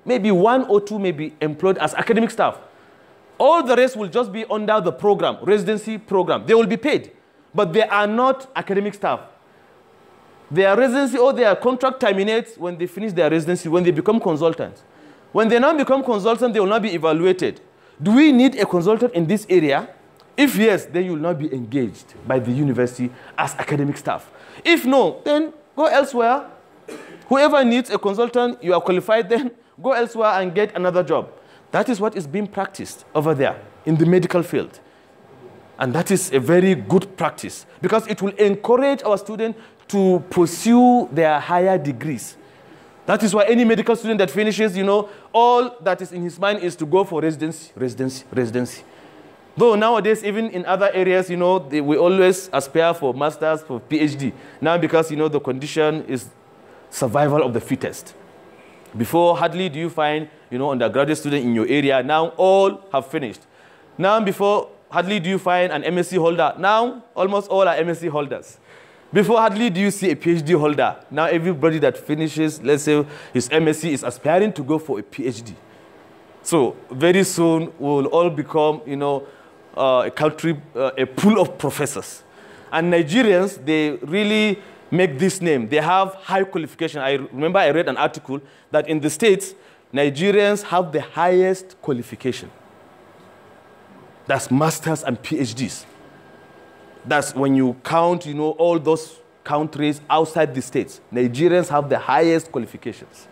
Maybe one or two may be employed as academic staff. All the rest will just be under the program, residency program. They will be paid but they are not academic staff. Their residency or their contract terminates when they finish their residency, when they become consultants. When they now become consultants, they will not be evaluated. Do we need a consultant in this area? If yes, then you will not be engaged by the university as academic staff. If no, then go elsewhere. Whoever needs a consultant, you are qualified then, go elsewhere and get another job. That is what is being practiced over there in the medical field. And that is a very good practice because it will encourage our students to pursue their higher degrees. That is why any medical student that finishes, you know, all that is in his mind is to go for residency, residency, residency. Though nowadays, even in other areas, you know, they, we always aspire for masters, for PhD. Now because, you know, the condition is survival of the fittest. Before, hardly do you find, you know, undergraduate student in your area. Now all have finished. Now before, hardly do you find an MSc holder. Now, almost all are MSc holders. Before, hardly do you see a PhD holder. Now, everybody that finishes, let's say, his MSc is aspiring to go for a PhD. So, very soon, we'll all become, you know, uh, a country, uh, a pool of professors. And Nigerians, they really make this name. They have high qualification. I remember I read an article that in the States, Nigerians have the highest qualification. That's masters and PhDs. That's when you count, you know, all those countries outside the states. Nigerians have the highest qualifications.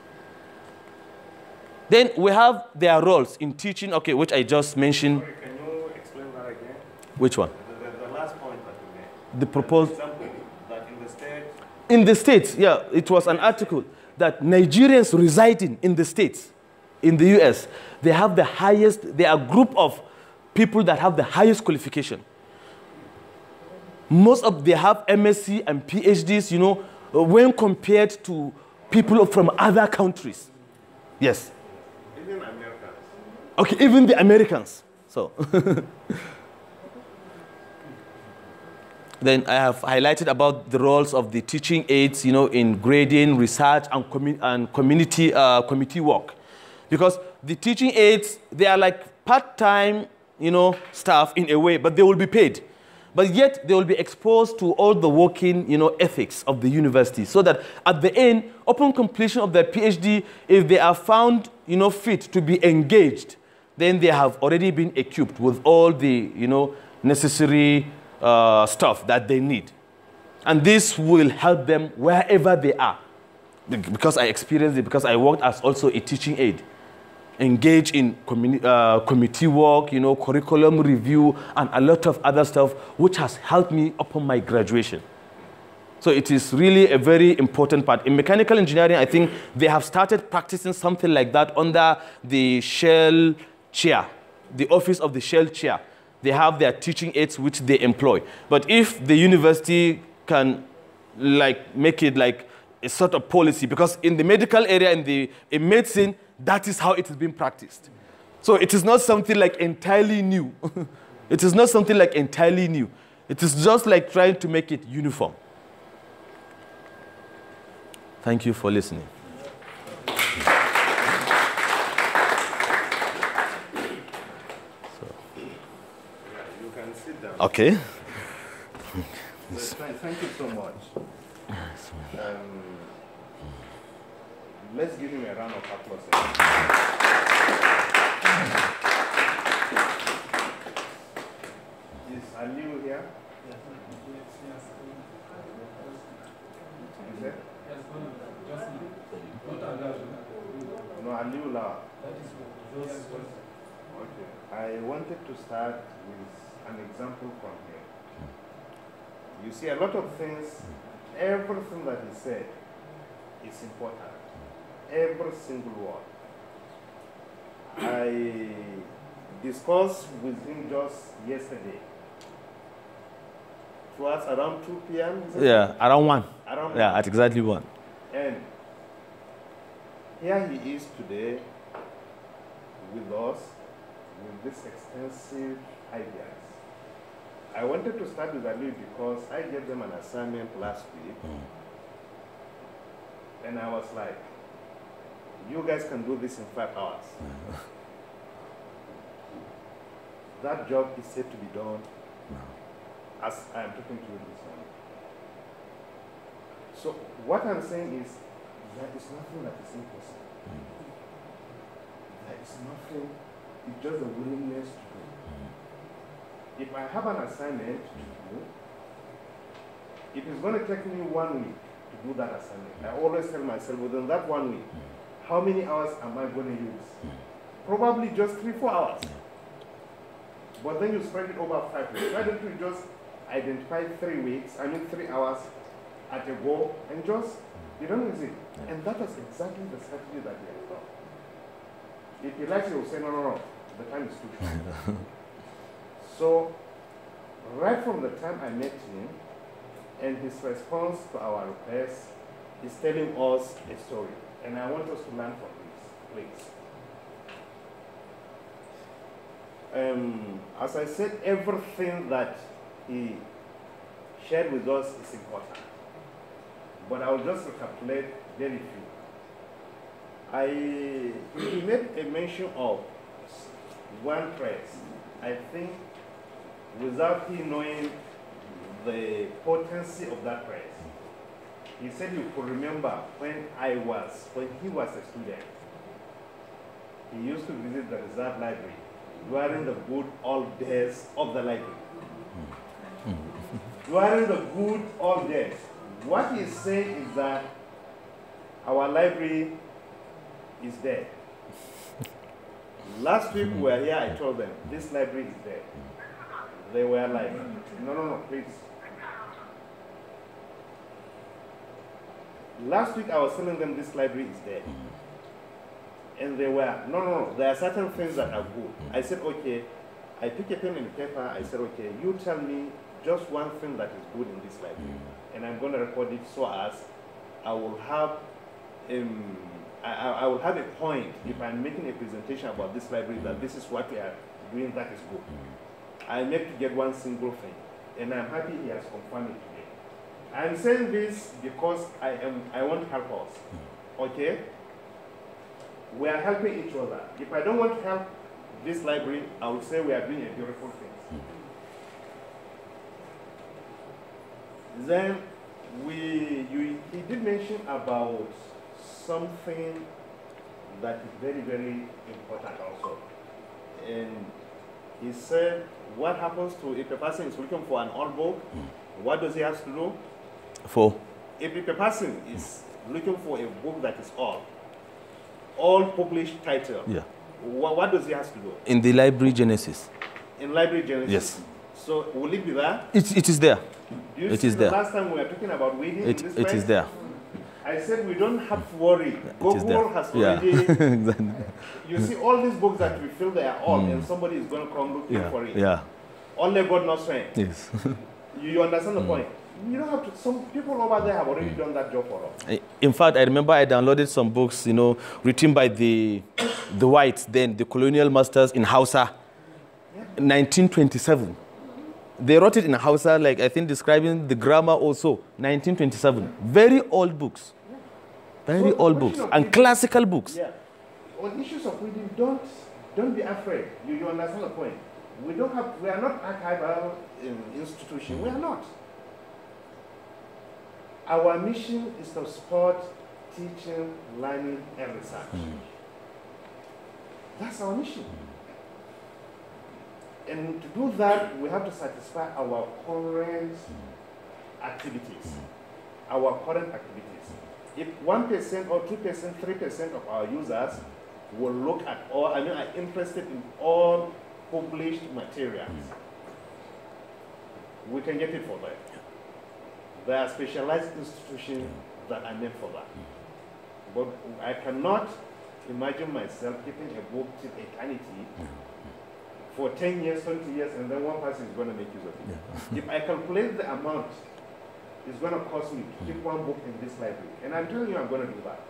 Then we have their roles in teaching, okay, which I just mentioned. Sorry, can you explain that again? Which one? The, the, the last point that you made. The proposed. in the states. In the states, yeah, it was an article that Nigerians residing in the states, in the US, they have the highest, they are a group of people that have the highest qualification. Most of they have MSc and PhDs, you know, uh, when compared to people from other countries. Yes. Even Americans. Okay, even the Americans. So. then I have highlighted about the roles of the teaching aides, you know, in grading, research, and, commu and community uh, committee work. Because the teaching aides, they are like part-time you know, staff in a way, but they will be paid. But yet they will be exposed to all the working, you know, ethics of the university so that at the end, upon completion of their PhD, if they are found, you know, fit to be engaged, then they have already been equipped with all the, you know, necessary uh, stuff that they need. And this will help them wherever they are. Because I experienced it, because I worked as also a teaching aide engage in uh, committee work, you know, curriculum review, and a lot of other stuff, which has helped me upon my graduation. So it is really a very important part. In mechanical engineering, I think they have started practicing something like that under the Shell chair, the office of the Shell chair. They have their teaching aids which they employ. But if the university can like make it like a sort of policy, because in the medical area, in the in medicine, that is how it is being practiced. So it is not something like entirely new. it is not something like entirely new. It is just like trying to make it uniform. Thank you for listening. Okay. So, thank you so much. Um, Let's give him a round of applause. Is Aliu here? Yes, yes. Is Yes, just now. No, Aliu La. Okay. I wanted to start with an example from here. You see, a lot of things, everything that he said is important every single word. I discussed with him just yesterday. It was around 2 p.m. Yeah, around 1. Around yeah, one. at exactly 1. And here he is today with us with this extensive ideas. I wanted to start with Ali because I gave them an assignment last week. Mm. And I was like, you guys can do this in five hours. that job is said to be done as I am talking to you this morning. So what I'm saying is there is nothing that is impossible. There is nothing, it's just a willingness to do. If I have an assignment to do, it is going to take me one week to do that assignment. I always tell myself within that one week, how many hours am I going to use? Probably just three, four hours. But then you spread it over five weeks. Why don't you just identify three weeks, I mean three hours at a go and just, you don't use it. And that was exactly the strategy that he had done. If he likes it, he'll say, no, no, no, the time is too short. so, right from the time I met him, and his response to our request is telling us a story. And I want us to learn from this, please. Um, as I said, everything that he shared with us is important. But I'll just recapitulate very few. I he made a mention of one press. I think without him knowing the potency of that press, he said you could remember when I was, when he was a student, he used to visit the reserve library during the good old days of the library. Mm. during the good old days. What he said is that our library is dead. Last week we were here, I told them, this library is dead. They were like, no, no, no, please, Last week I was telling them this library is there. Mm-hmm. And they were, no, no, no, there are certain things that are good. Mm-hmm. I said, okay, I pick a pen and paper, I said, okay, you tell me just one thing that is good in this library. Mm-hmm. And I'm going to record it so as I will have um, I, I, will have a point if I'm making a presentation about this library that this is what we are doing that is good. I make to get one single thing, and I'm happy he has confirmed it. I'm saying this because I am I want help us. Hmm. Okay? We are helping each other. If I don't want to help this library, I would say we are doing a beautiful thing. Hmm. Then we you he did mention about something that is very, very important also. And he said what happens to if a person is looking for an old book, hmm. what does he have to do? for? every person is looking for a book that is all, all published title, yeah. what, what does he have to do? In the library Genesis. In library Genesis? Yes. So will it be there? It, it is there. it is the there. Last time we were talking about reading. It, it place? is there. I said we don't have to worry. Google has already. Yeah. exactly. You see all these books that we feel they are all, mm. and somebody is going to come looking yeah. for it. Yeah. Only God knows when. Yes. you, you understand the mm. point? you don't have to, some people over there have already mm. done that job for us. In fact, I remember I downloaded some books, you know, written by the, the whites then, the colonial masters in Hausa, yeah. 1927. They wrote it in Hausa, like I think describing the grammar also, 1927. Very old books. Very so old books. And reading, classical books. Yeah. On issues of reading, don't, don't be afraid. You, you understand the point. We don't have, we are not archival um, institution. We are not. Our mission is to support teaching, learning, and research. Mm. That's our mission. And to do that, we have to satisfy our current hmm. activities. Hmm. Our current activities. If 1% or 2%, 3% of our users will look at all, I mean, are interested in all published materials, hmm. we can get it for that. There are specialized institutions that are meant for that. But I cannot imagine myself keeping a book till eternity for 10 years, 20 years, and then one person is going to make use of it. if I calculate the amount it's going to cost me to keep one book in this library, and I'm telling you I'm going to do that.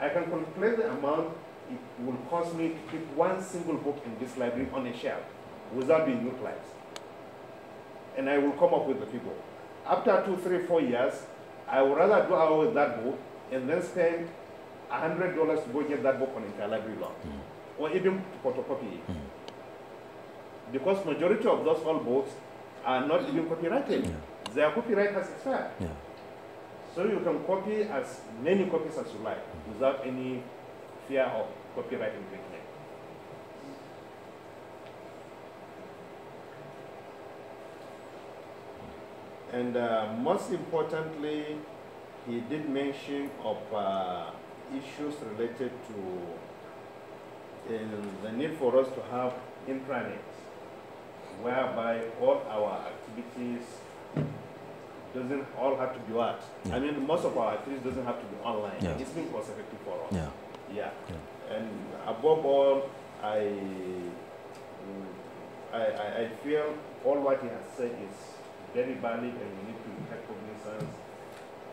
I can calculate the amount it will cost me to keep one single book in this library on a shelf without being utilized. And I will come up with the figure after two, three, four years, I would rather go out with that book and then spend $100 to go get that book on interlibrary loan mm. or even photocopy it. Mm. Because majority of those old books are not even copyrighted. Yeah. Their copyright has expired. So you can copy as many copies as you like hmm. without any fear of copyright infringement. And uh, most importantly, he did mention of uh, issues related to uh, the need for us to have intranets, whereby all our activities doesn't all have to be what? Yeah. I mean, most of our activities doesn't have to be online. Yeah. It's been cost effective for us. Yeah. yeah. Yeah. And above all, I, I, I feel all what he has said is badly, and we need to take cognizance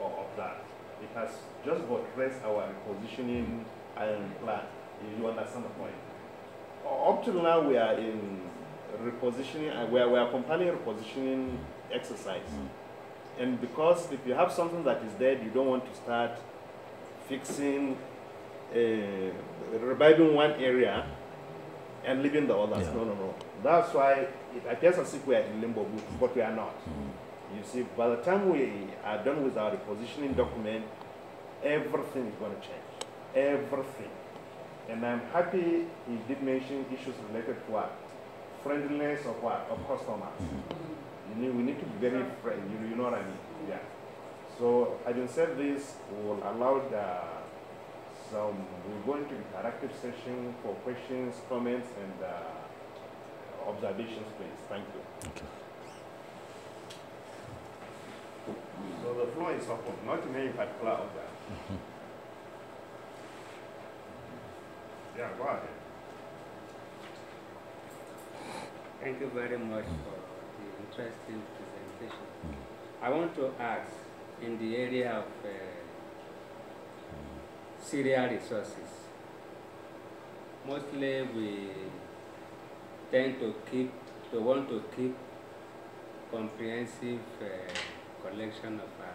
of, of that. It has just buttressed our repositioning and plan, if you understand the point. Up till now, we are in repositioning, uh, we, are, we are compiling repositioning exercise. Mm And because if you have something that is dead, you don't want to start fixing, uh, reviving one area and leaving the others. Yeah. No, no, no that's why it appears as if we are in limbo, but we are not. Mm-hmm. You see, by the time we are done with our repositioning document, everything is going to change. Everything. And I'm happy he did mention issues related to what? Friendliness of what? Of customers. Mm-hmm. You we need to be very friendly, you, you know what I mean? Yeah. So having said this, we'll allow the, some, we're going to interactive session for questions, comments, and uh, observations, please. Thank you. you. So the floor is open, not in any particular order. Mm -hmm. Yeah, go ahead. Thank you very much for the interesting presentation. Mm-hmm. I want to ask, in the area of uh, serial mm-hmm. resources, mostly we tend to keep, to want to keep comprehensive uh, collection of uh,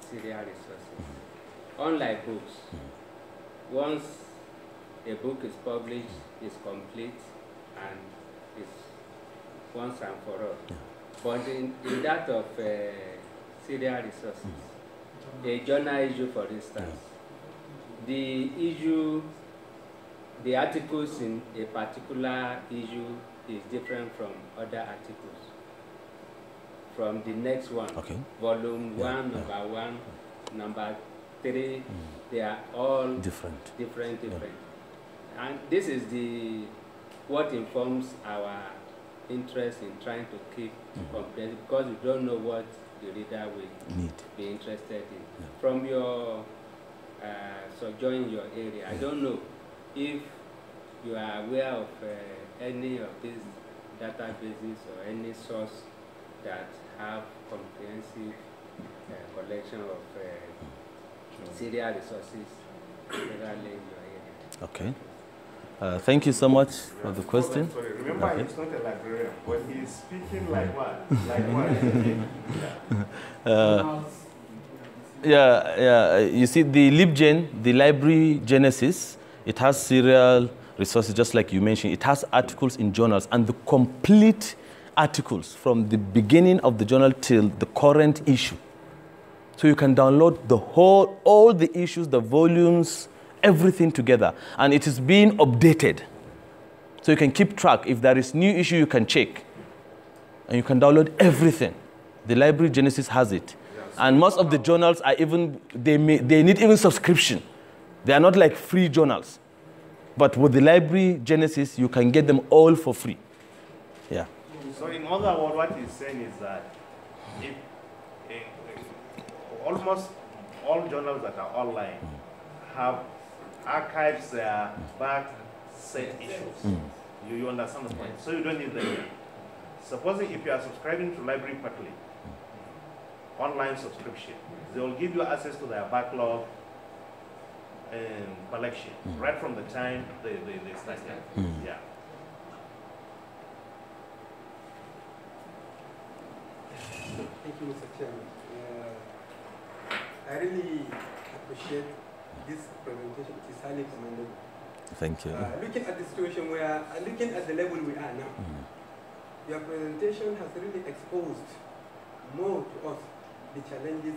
serial resources. Mm-hmm. Unlike books, mm-hmm. once a book is published, mm-hmm. it's complete and it's once and for all. But in, in that of uh, serial resources, a journal issue, for instance, the issue, the articles in a particular issue is different from other articles. From the next one, okay. volume yeah, one, yeah. number one, mm. number three, mm. they are all different, different, different. Yeah. And this is the what informs our interest in trying to keep mm. because we don't know what the reader will Need. be interested in. From your uh, sojourn your area, I don't know if you are aware of. Uh, any of these databases or any source that have comprehensive uh, collection of uh, serial resources Okay. Uh, thank you so much for the question. Sorry, Remember, okay. he's not a librarian, but he's speaking like what? Like what? yeah. Uh, yeah, yeah. You see, the LibGen, the Library Genesis, it has serial resources, just like you mentioned. It has articles in journals and the complete articles from the beginning of the journal till the current issue. So you can download the whole, all the issues, the volumes, everything together. And it is being updated. So you can keep track. If there is new issue, you can check. And you can download everything. The library Genesis has it. Yes. And most of the journals are even, they, may, they need even subscription. They are not like free journals. But with the library Genesis, you can get them all for free. Yeah. So in other words, what he's saying is that if, if, eh, eh, almost all journals that are online mm. have archives their mm. back set mm. issues. Mm. You, you understand the point? So you don't need them. Supposing if you are subscribing to library quarterly, online subscription, they will give you access to their backlog, um, collection, mm. right from the time they, they, they started. Mm. mm. Yeah. Thank you, Mr. Chairman. Uh, I really appreciate this presentation. It is highly commendable. Thank you. Uh, looking at the situation where, uh, looking at the level we are now, mm. your presentation has really exposed more to us the challenges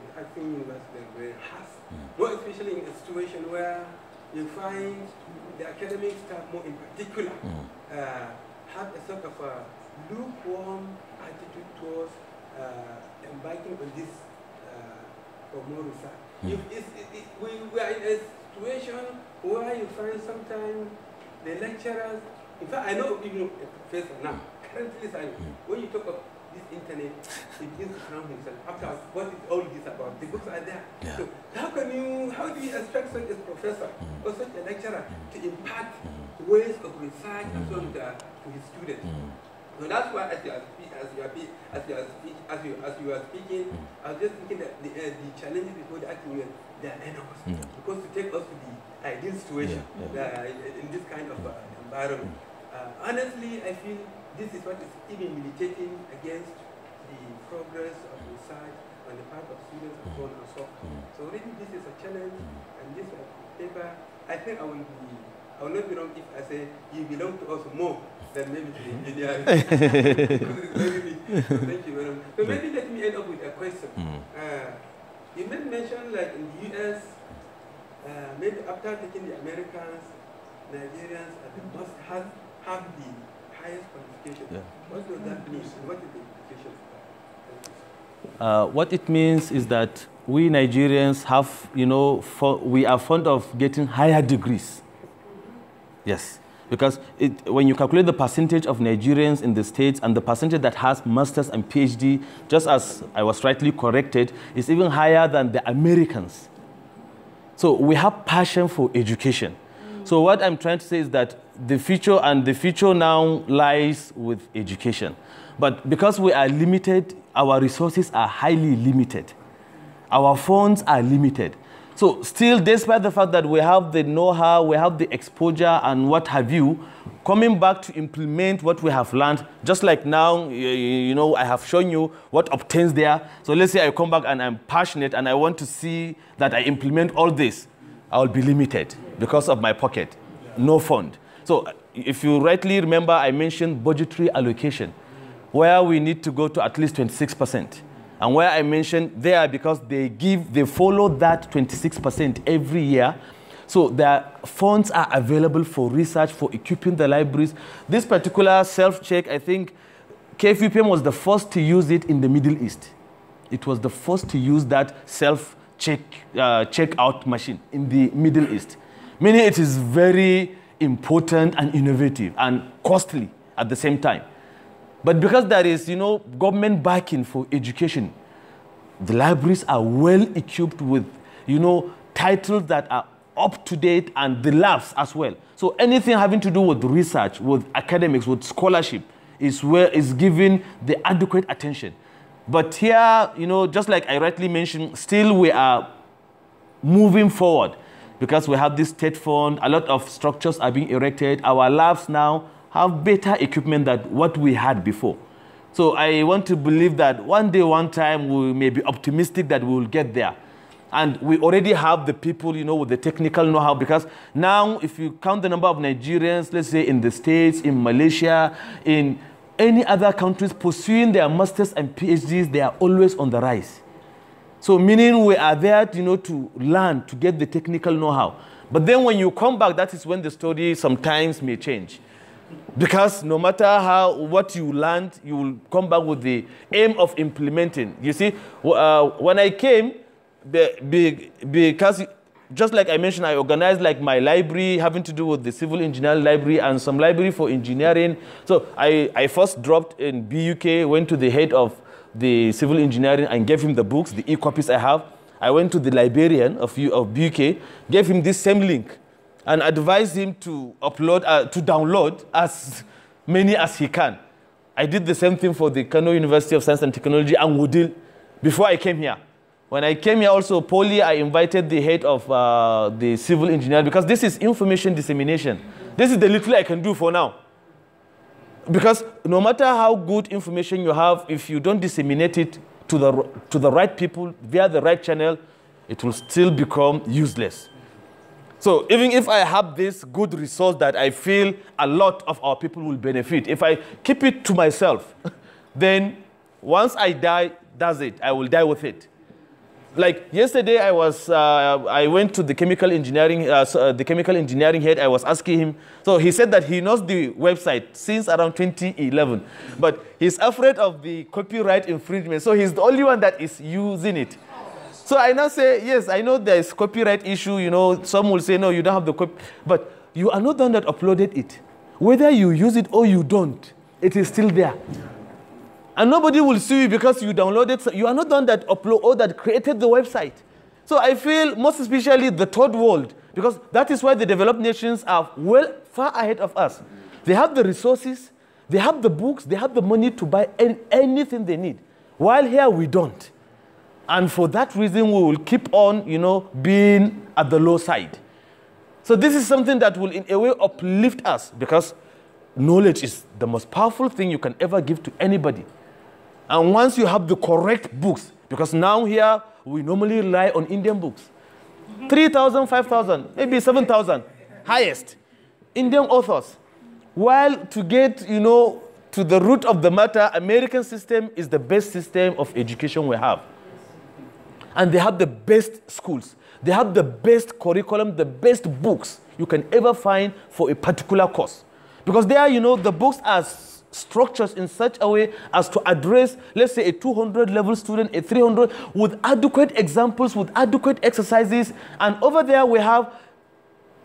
the acting university very harsh. Hmm. More especially in a situation where you find the academic staff, more in particular, hmm. uh, have a sort of a lukewarm attitude towards uh, embarking on this uh, for more research. Hmm. If it's, it, it, we, we are in a situation where you find sometimes the lecturers, in fact, I know even a professor now, currently, when you talk of this internet it is from himself. After all, what is all this about? The books are there. Yeah. So how can you, how do you expect such a professor mm. or such a lecturer mm. to impart mm. ways of research and so on to, to his students? So that's why as you are, speak, as you are, as you are, speak, as you, as you are speaking, I was just thinking that the, uh, the challenges before the actual they are enormous. Because to take us to the ideal situation yeah, yeah. Uh, in this kind of uh, environment, um, honestly, I feel this is what is even militating against the progress of research on the part of students and mm. mm. so on and so forth. So maybe this is a challenge mm. and this paper, I think I will be, I will not be wrong if I say you belong to us more than maybe to the mm-hmm. engineers. so thank you very much. So maybe let me end up with a question. Uh, you mentioned mention like in the US, uh, maybe after taking the Americans, Nigerians are the most have, have the highest yeah. What does that mean? What is the implication uh, what it means is that we Nigerians have, you know, for, we are fond of getting higher degrees. Yes, because it, when you calculate the percentage of Nigerians in the States and the percentage that has masters and PhD, just as I was rightly corrected, is even higher than the Americans. So we have passion for education. So what I'm trying to say is that the future and the future now lies with education. But because we are limited, our resources are highly limited. Our funds are limited. So still, despite the fact that we have the know-how, we have the exposure and what have you, coming back to implement what we have learned, just like now, you know, I have shown you what obtains there. So let's say I come back and I'm passionate and I want to see that I implement all this. I will be limited because of my pocket, no fund. So if you rightly remember, I mentioned budgetary allocation, where we need to go to at least 26%. And where I mentioned there, because they give, they follow that 26% every year. So the funds are available for research, for equipping the libraries. This particular self-check, I think KFUPM was the first to use it in the Middle East. It was the first to use that self-check uh, checkout machine in the Middle East. Meaning it is very important and innovative and costly at the same time. But because there is, you know, government backing for education, the libraries are well equipped with, you know, titles that are up to date and the labs as well. So anything having to do with research, with academics, with scholarship is where is given the adequate attention. But here, you know, just like I rightly mentioned, still we are moving forward because we have this state fund, a lot of structures are being erected. Our labs now have better equipment than what we had before. So I want to believe that one day, one time, we may be optimistic that we will get there. And we already have the people, you know, with the technical know-how because now if you count the number of Nigerians, let's say in the States, in Malaysia, in any other countries pursuing their masters and PhDs, they are always on the rise. So meaning we are there, you know, to learn, to get the technical know-how. But then when you come back, that is when the story sometimes may change. Because no matter how what you learned, you will come back with the aim of implementing. You see, uh, when I came, because just like I mentioned, I organized like my library having to do with the civil engineering library and some library for engineering. So I, I first dropped in BUK, went to the head of the civil engineering and gave him the books, the e-copies I have. I went to the librarian of, U of BUK, gave him this same link, and advised him to upload, uh, to download as many as he can. I did the same thing for the Kano University of Science and Technology and Wudil before I came here. When I came here also, Poly, I invited the head of uh, the civil engineer because this is information dissemination. This is the little I can do for now because no matter how good information you have, if you don't disseminate it to the, to the right people via the right channel, it will still become useless. So even if I have this good resource that I feel a lot of our people will benefit, if I keep it to myself, then once I die, that's it. I will die with it like yesterday I was, uh, I went to the chemical engineering, uh, so, uh, the chemical engineering head, I was asking him, so he said that he knows the website since around 2011, but he's afraid of the copyright infringement, so he's the only one that is using it. So I now say, yes, I know there is copyright issue, you know, some will say, no, you don't have the copy, but you are not the one that uploaded it. Whether you use it or you don't, it is still there. And nobody will see you because you downloaded. You are not the one that upload or that created the website. So I feel most especially the third world, because that is why the developed nations are well far ahead of us. They have the resources, they have the books, they have the money to buy anything they need. While here we don't. And for that reason, we will keep on, you know, being at the low side. So this is something that will in a way uplift us because knowledge is the most powerful thing you can ever give to anybody. And once you have the correct books, because now here we normally rely on Indian books 3,000, 5,000, maybe 7,000, highest. Indian authors. While to get, you know, to the root of the matter, American system is the best system of education we have. And they have the best schools. They have the best curriculum, the best books you can ever find for a particular course. Because there, you know, the books are structures in such a way as to address, let's say, a 200 level student, a 300, with adequate examples, with adequate exercises. And over there, we have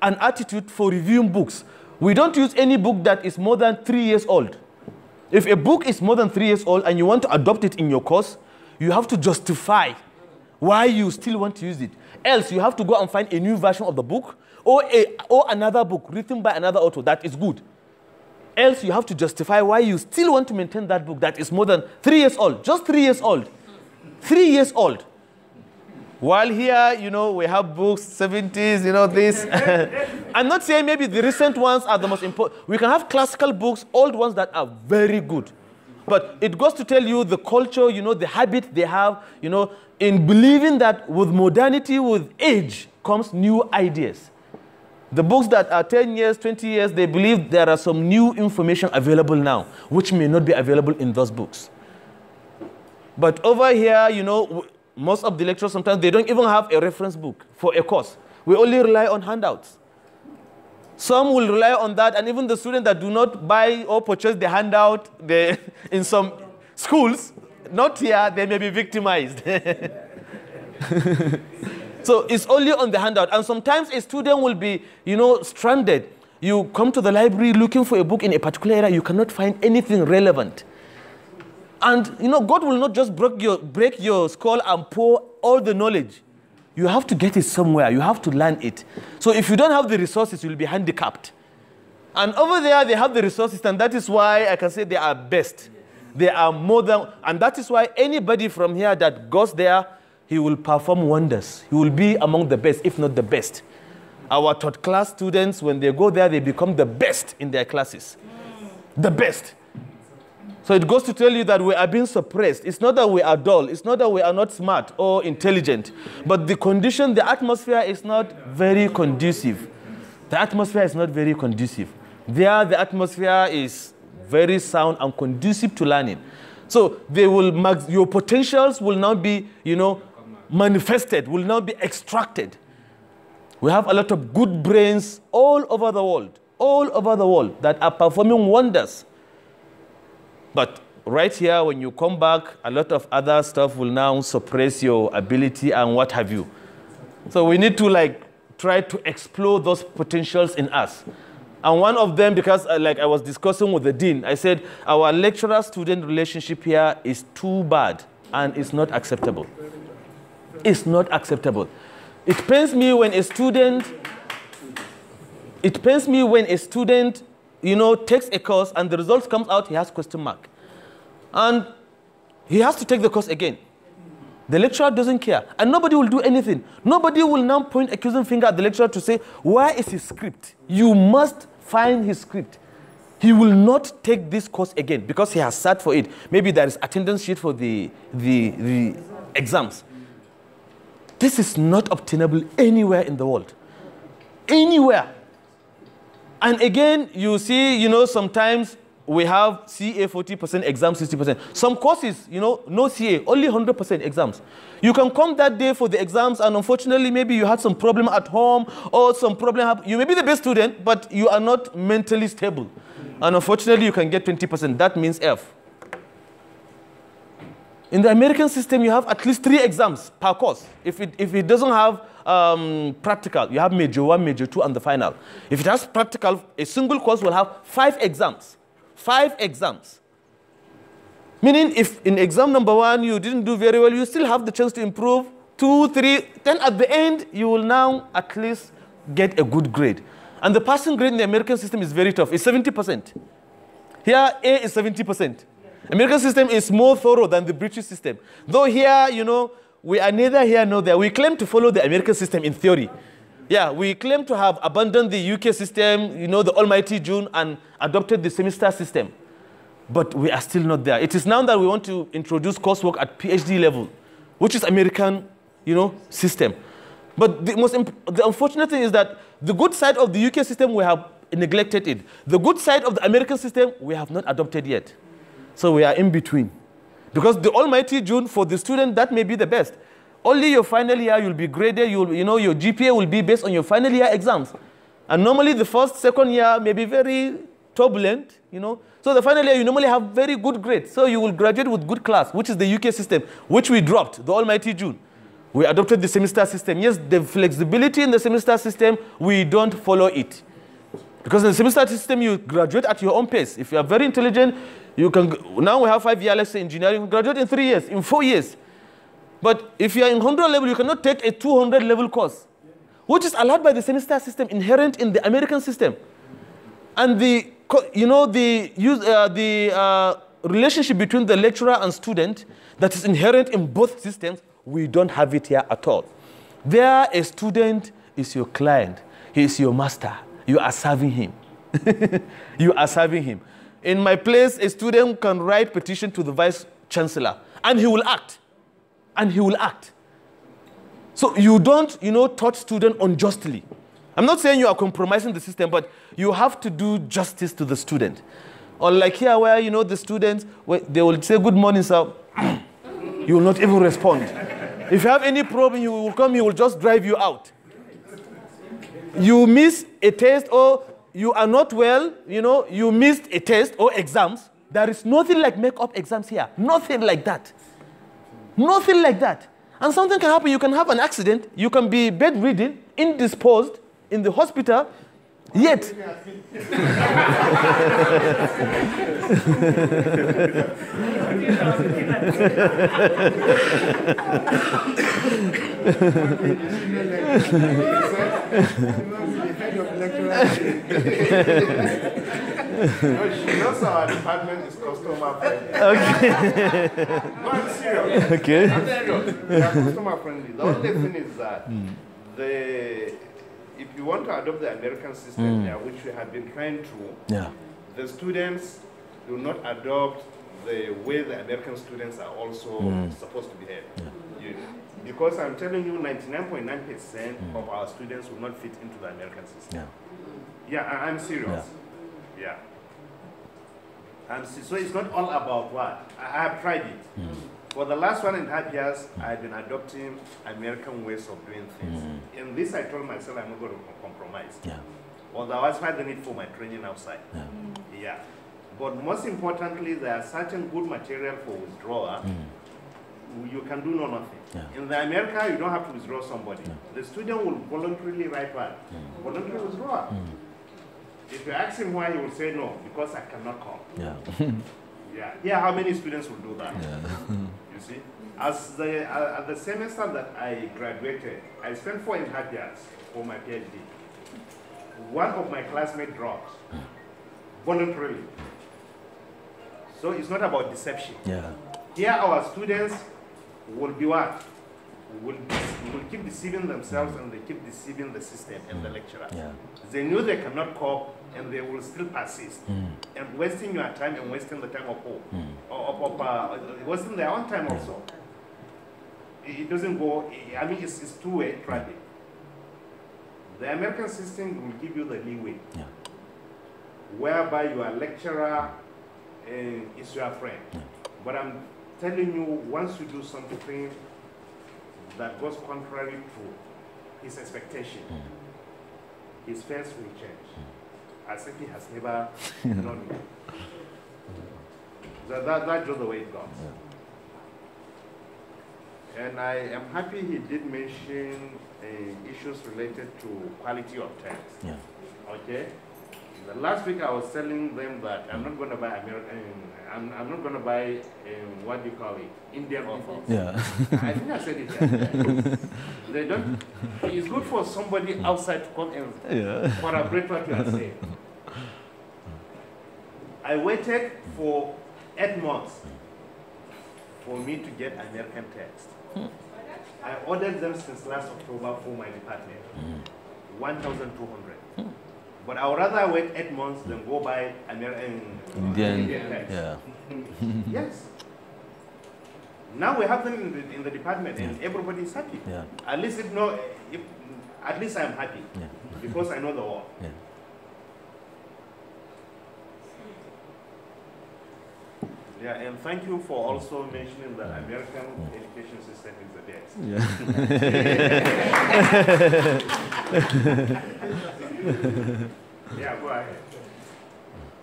an attitude for reviewing books. We don't use any book that is more than three years old. If a book is more than three years old and you want to adopt it in your course, you have to justify why you still want to use it. Else, you have to go and find a new version of the book or, a, or another book written by another author that is good. Else you have to justify why you still want to maintain that book that is more than three years old, just three years old. Three years old. While here, you know, we have books, 70s, you know, this. I'm not saying maybe the recent ones are the most important. We can have classical books, old ones that are very good. But it goes to tell you the culture, you know, the habit they have, you know, in believing that with modernity, with age, comes new ideas. The books that are 10 years, 20 years, they believe there are some new information available now, which may not be available in those books. But over here, you know, most of the lecturers sometimes they don't even have a reference book for a course. We only rely on handouts. Some will rely on that, and even the students that do not buy or purchase the handout the in some schools, not here, they may be victimized. So it's only on the handout. And sometimes a student will be, you know, stranded. You come to the library looking for a book in a particular area, you cannot find anything relevant. And, you know, God will not just break your, break your skull and pour all the knowledge. You have to get it somewhere. You have to learn it. So if you don't have the resources, you'll be handicapped. And over there, they have the resources, and that is why I can say they are best. They are more than, and that is why anybody from here that goes there he will perform wonders. He will be among the best, if not the best. Our third class students, when they go there, they become the best in their classes. The best. So it goes to tell you that we are being suppressed. It's not that we are dull, it's not that we are not smart or intelligent, but the condition, the atmosphere is not very conducive. The atmosphere is not very conducive. There, the atmosphere is very sound and conducive to learning. So they will your potentials will now be, you know, manifested, will now be extracted. We have a lot of good brains all over the world, all over the world that are performing wonders. But right here, when you come back, a lot of other stuff will now suppress your ability and what have you. So we need to like try to explore those potentials in us. And one of them, because uh, like I was discussing with the dean, I said our lecturer-student relationship here is too bad and it's not acceptable is not acceptable. It pains me when a student, it pains me when a student, you know, takes a course and the results comes out, he has question mark. And he has to take the course again. The lecturer doesn't care. And nobody will do anything. Nobody will now point accusing finger at the lecturer to say, where is his script? You must find his script. He will not take this course again because he has sat for it. Maybe there is attendance sheet for the, the, the exams. This is not obtainable anywhere in the world. Anywhere. And again, you see, you know, sometimes we have CA 40%, exam 60%. Some courses, you know, no CA, only 100% exams. You can come that day for the exams, and unfortunately, maybe you had some problem at home or some problem. You may be the best student, but you are not mentally stable. And unfortunately, you can get 20%. That means F. In the American system, you have at least three exams per course. If it, if it doesn't have um, practical, you have major one, major two, and the final. If it has practical, a single course will have five exams. Five exams. Meaning if in exam number one you didn't do very well, you still have the chance to improve two, three. Then at the end, you will now at least get a good grade. And the passing grade in the American system is very tough. It's 70%. Here, A is 70%. American system is more thorough than the British system. Though here, you know, we are neither here nor there. We claim to follow the American system in theory. Yeah, we claim to have abandoned the UK system, you know, the almighty June, and adopted the semester system. But we are still not there. It is now that we want to introduce coursework at PhD level, which is American, you know, system. But the, most the unfortunate thing is that the good side of the UK system, we have neglected it. The good side of the American system, we have not adopted yet. So we are in between. Because the almighty June, for the student, that may be the best. Only your final year, you'll be graded, you'll, you know, your GPA will be based on your final year exams. And normally the first, second year may be very turbulent, you know. So the final year, you normally have very good grades. So you will graduate with good class, which is the UK system, which we dropped, the almighty June. We adopted the semester system. Yes, the flexibility in the semester system, we don't follow it. Because in the semester system, you graduate at your own pace. If you are very intelligent, you can now we have five let's say engineering. graduate in three years, in four years. But if you are in 100 level, you cannot take a 200 level course, which is allowed by the semester system inherent in the American system. And the you know the use uh, the uh, relationship between the lecturer and student that is inherent in both systems. We don't have it here at all. There, a student is your client. He is your master. You are serving him. you are serving him. In my place, a student can write petition to the vice chancellor and he will act. And he will act. So you don't, you know, touch student unjustly. I'm not saying you are compromising the system, but you have to do justice to the student. Or like here where, you know, the students, they will say, good morning, sir. you will not even respond. if you have any problem, he will come, he will just drive you out. You miss a test or you are not well, you know, you missed a test or exams. There is nothing like make-up exams here. Nothing like that. Nothing like that. And something can happen. You can have an accident. You can be bedridden, indisposed in the hospital. Yet, no, she knows our department is customer friendly. Okay. no, I'm serious. Okay. I'm serious. We are customer friendly. The only thing is that mm. the if you want to adopt the American system mm. there, which we have been trying to, yeah. the students do not adopt the way the American students are also mm. supposed to behave. Yeah. You because I'm telling you, 99.9% percent mm. of our students will not fit into the American system. Yeah, yeah I, am serious. Yeah. yeah. so it's not all about what? I, have tried it. Mm. For the last one and a half years, hmm. I've been adopting American ways of doing things. Mm. And this I told myself I'm not going to compromise. Yeah. Otherwise, I the need for my training outside. Yeah. yeah. But most importantly, there are certain good material for withdrawer. Mm you can do no nothing. Yeah. In the America, you don't have to withdraw somebody. Yeah. The student will voluntarily write back, mm. voluntarily withdraw. Mm. If you ask him why, he will say no, because I cannot come. Yeah. yeah. Yeah. How many students will do that? Yeah. you see, as the uh, at the semester that I graduated, I spent four and a half years for my PhD. One of my classmates dropped hmm. voluntarily. So it's not about deception. Yeah. Here, our students will be what? Will, will keep deceiving themselves and they keep deceiving the system and the mm. lecturer. Yeah. They know they cannot cope and they will still persist mm. and wasting your time and wasting the time of all, mm. of, of uh, wasting their own time also. It doesn't go, I mean, it's, it's two-way mm. traffic. The American system will give you the leeway, yeah. whereby your lecturer uh, is your friend. Yeah. But I'm telling you once you do something that goes contrary to his expectation, hmm. his face will change, hmm. as if he has never known you. That, that, that's just the way it goes. And I am happy he did mention uh, issues related to quality of text. Yeah. Okay? The last week I was telling them that I'm not going to buy American, um, I'm, I'm not going to buy um, what do you call it, Indian offals. Yeah. I think I said it. That they don't. It's good for somebody outside to come and yeah. corroborate what you are saying. I waited for eight months for me to get American text. Hmm. I ordered them since last October for my department. Mm. 1,200. But I would rather wait eight months than go buy American um, Indian, Indian pets. Yeah. yes. Now we have them in the, in the department yeah. and everybody is happy. Yeah. At least if no, if, at least I'm happy yeah. because I know the war. Yeah. Yeah, and thank you for also mentioning the American education system is the best. Yeah. yeah, go ahead.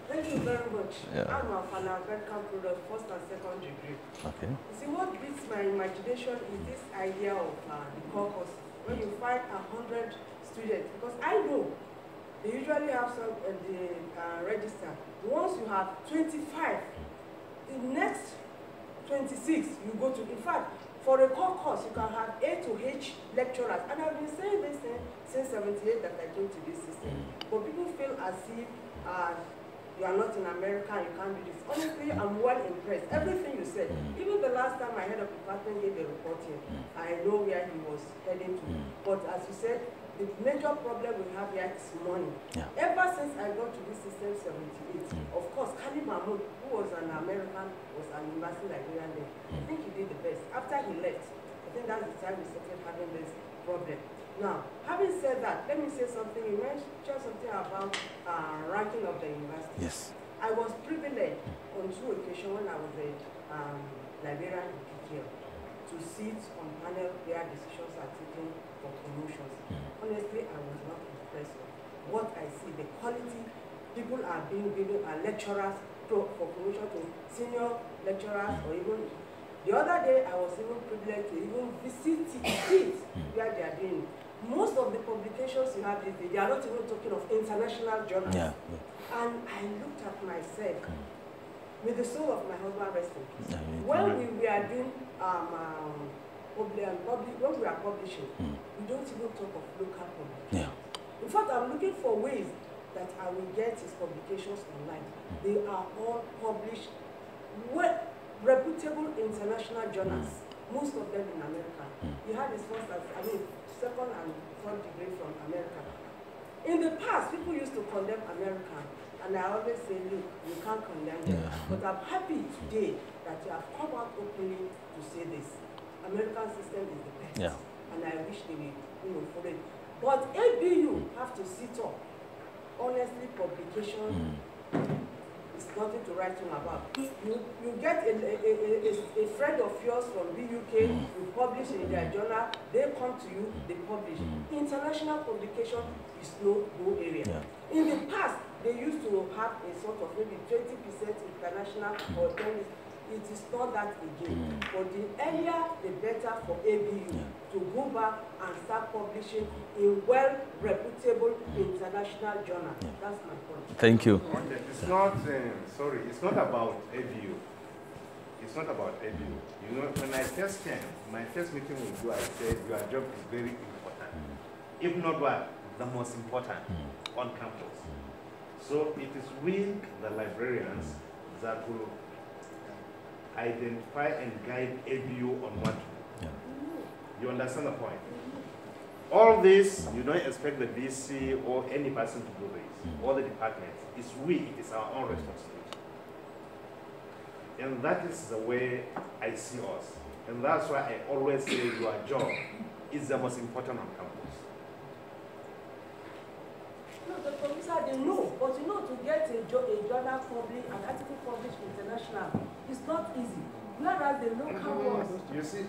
Thank you very much. Yeah. I'm of an American of first and second degree. Okay. You see, what beats my imagination is this idea of uh, the caucus, when you find a hundred students, because I know they usually have some uh, the uh, register. Once you have 25, the next 26 you go to. In fact, For a core course, you can have A to H lecturers. And I've been saying this eh, since 78 that I came to this system. Mm. But people feel as if uh, you are not in America and you can't do this. Honestly, I'm well impressed. Everything you said, mm. even the last time I heard of department gave a report here, mm. I know where he was heading to. But as you said, the major problem we have here is money. Yeah. Ever since I got to this system 78, mm. of course, Khalid Mahmoud, who was an American, was an embassy Liberian there. I mm. think he did the best. After he left, I think that's the time we started having this problem. Now, having said that, let me say something. You mentioned something about uh, ranking of the university. Yes. I was privileged mm. on two occasions when I was a um, Liberian PTL to sit on panel where decisions are taken For conclusions. Hmm. Honestly, I was not impressed with what I see, the quality people are being given are lecturers pro, for promotion to senior lecturers hmm. or even the other day I was even privileged to even visit it hmm. where they are doing. Most of the publications you have these they are not even talking of international journals. Yeah, yeah. And I looked at myself with the soul of my husband rest in peace. When we are doing um, um, public, when we are publishing, mm. we don't even talk of local public. Yeah. In fact, I'm looking for ways that I will get his publications online. Mm. They are all published well, reputable international journals, mm. most of them in America. Mm. He had his first, I mean, second and third degree from America. In the past, people used to condemn America, and I always say, look, you can't condemn them. Yeah. But I'm happy today that you have come out openly to say this. American system is the best. Yeah. and I wish they will you know follow it. But ABU have to sit up. Honestly, publication mm. is nothing to write home about. You you get a a, a, a friend of yours from BUK, mm. you publish in their hmm. journal, they come to you, they publish. Hmm. International publication is no no area. Yeah. In the past, they used to have a sort of maybe 20% international or 10 it is not that again. Mm. But the earlier, the better for ABU yeah. to go back and start publishing a well reputable hmm. international journal. Yeah. That's my point. Thank you. It's not, um, sorry, it's not about ABU. It's not about ABU. You know, when I first came, my first meeting with you, I said your job is very important. Hmm. If not what, the most important hmm. on campus. So it is we, the librarians, that will identify and guide ABU on what to do. You understand the point? All this, you don't expect the VC or any person to do this, or mm. the department. It's we, it is our own mm. responsibility. And that is the way I see us. And that's why I always say your job is the most important on to the producer, they know. But you know, to get a, a journal published, an article published international, it's not easy. Whereas the local ones. You see,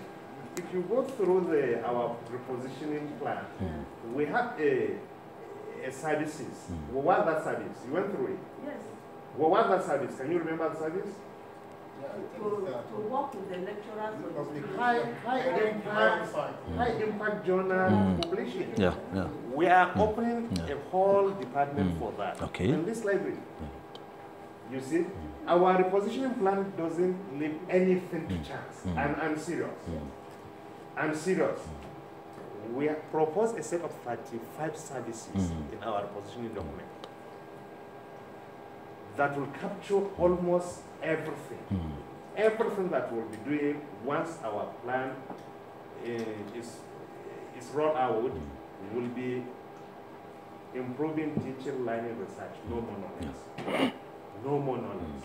if you go through the, our repositioning plan, hmm. we have a, a services. Mm. What that service? You went through it? Yes. What was that service? Can you remember the service? To, to work with the lecturers high, high, high, impact, high impact journal mm. publishing. Yeah, yeah. We are hmm. opening yeah. a whole department hmm. for that. Okay. In this library. You see, hmm. our repositioning plan doesn't leave anything to chance. I'm, I'm serious. I'm serious. We propose a set of 35 services in our repositioning document that will capture almost everything. Mm. Everything that we'll be doing once our plan uh, is, is rolled out mm will be improving teaching, learning, research. No more knowledge. No more knowledge.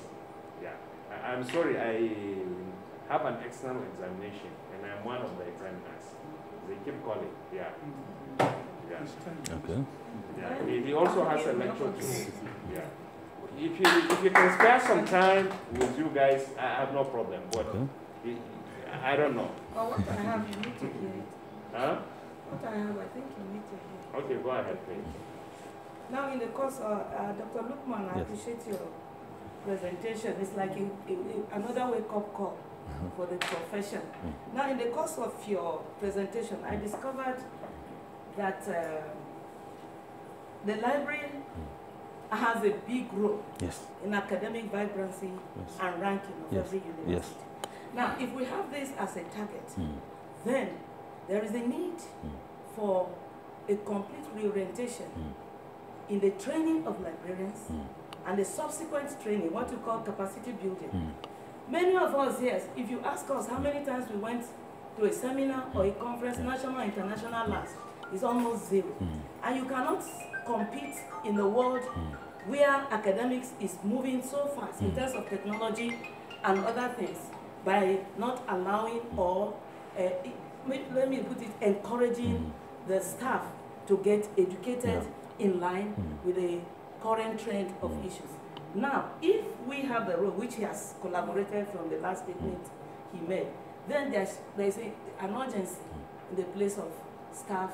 Yeah. I, am sorry, I have an external examination and I'm one of the examiners. They keep calling. Yeah. Yeah. Okay. Yeah. He, he also has a lecture too. Yeah. If you, if you can spare some time with you guys, I have no problem. But okay. I don't know. Well, what I have you need to hear it? Huh? I think you need to hear. Okay, go ahead, please. Now, in the course, of uh, uh Dr. Lukman, I appreciate your presentation. It's like a, a, a, another wake-up call uh-huh. for the profession. Now, in the course of your presentation, I discovered that uh, the library has a big role yes. in academic vibrancy yes. and ranking of yes. every university. Now, if we have this as a target, mm. then there is a need mm for a complete reorientation mm. in the training of librarians mm. and the subsequent training, what we call capacity building. Mm. Many of us, yes, if you ask us how many times we went to a seminar hmm. or a conference, national international last, is almost zero. Hmm. And you cannot compete in the world hmm. where academics is moving so fast in terms of technology and other things by not allowing or, uh, let me put it, encouraging the staff to get educated yeah. in line mm. with the current trend of mm. issues. Now, if we have the role which he has collaborated from the last hmm. statement he made, then there's, there's a, an urgency hmm. in the place of staff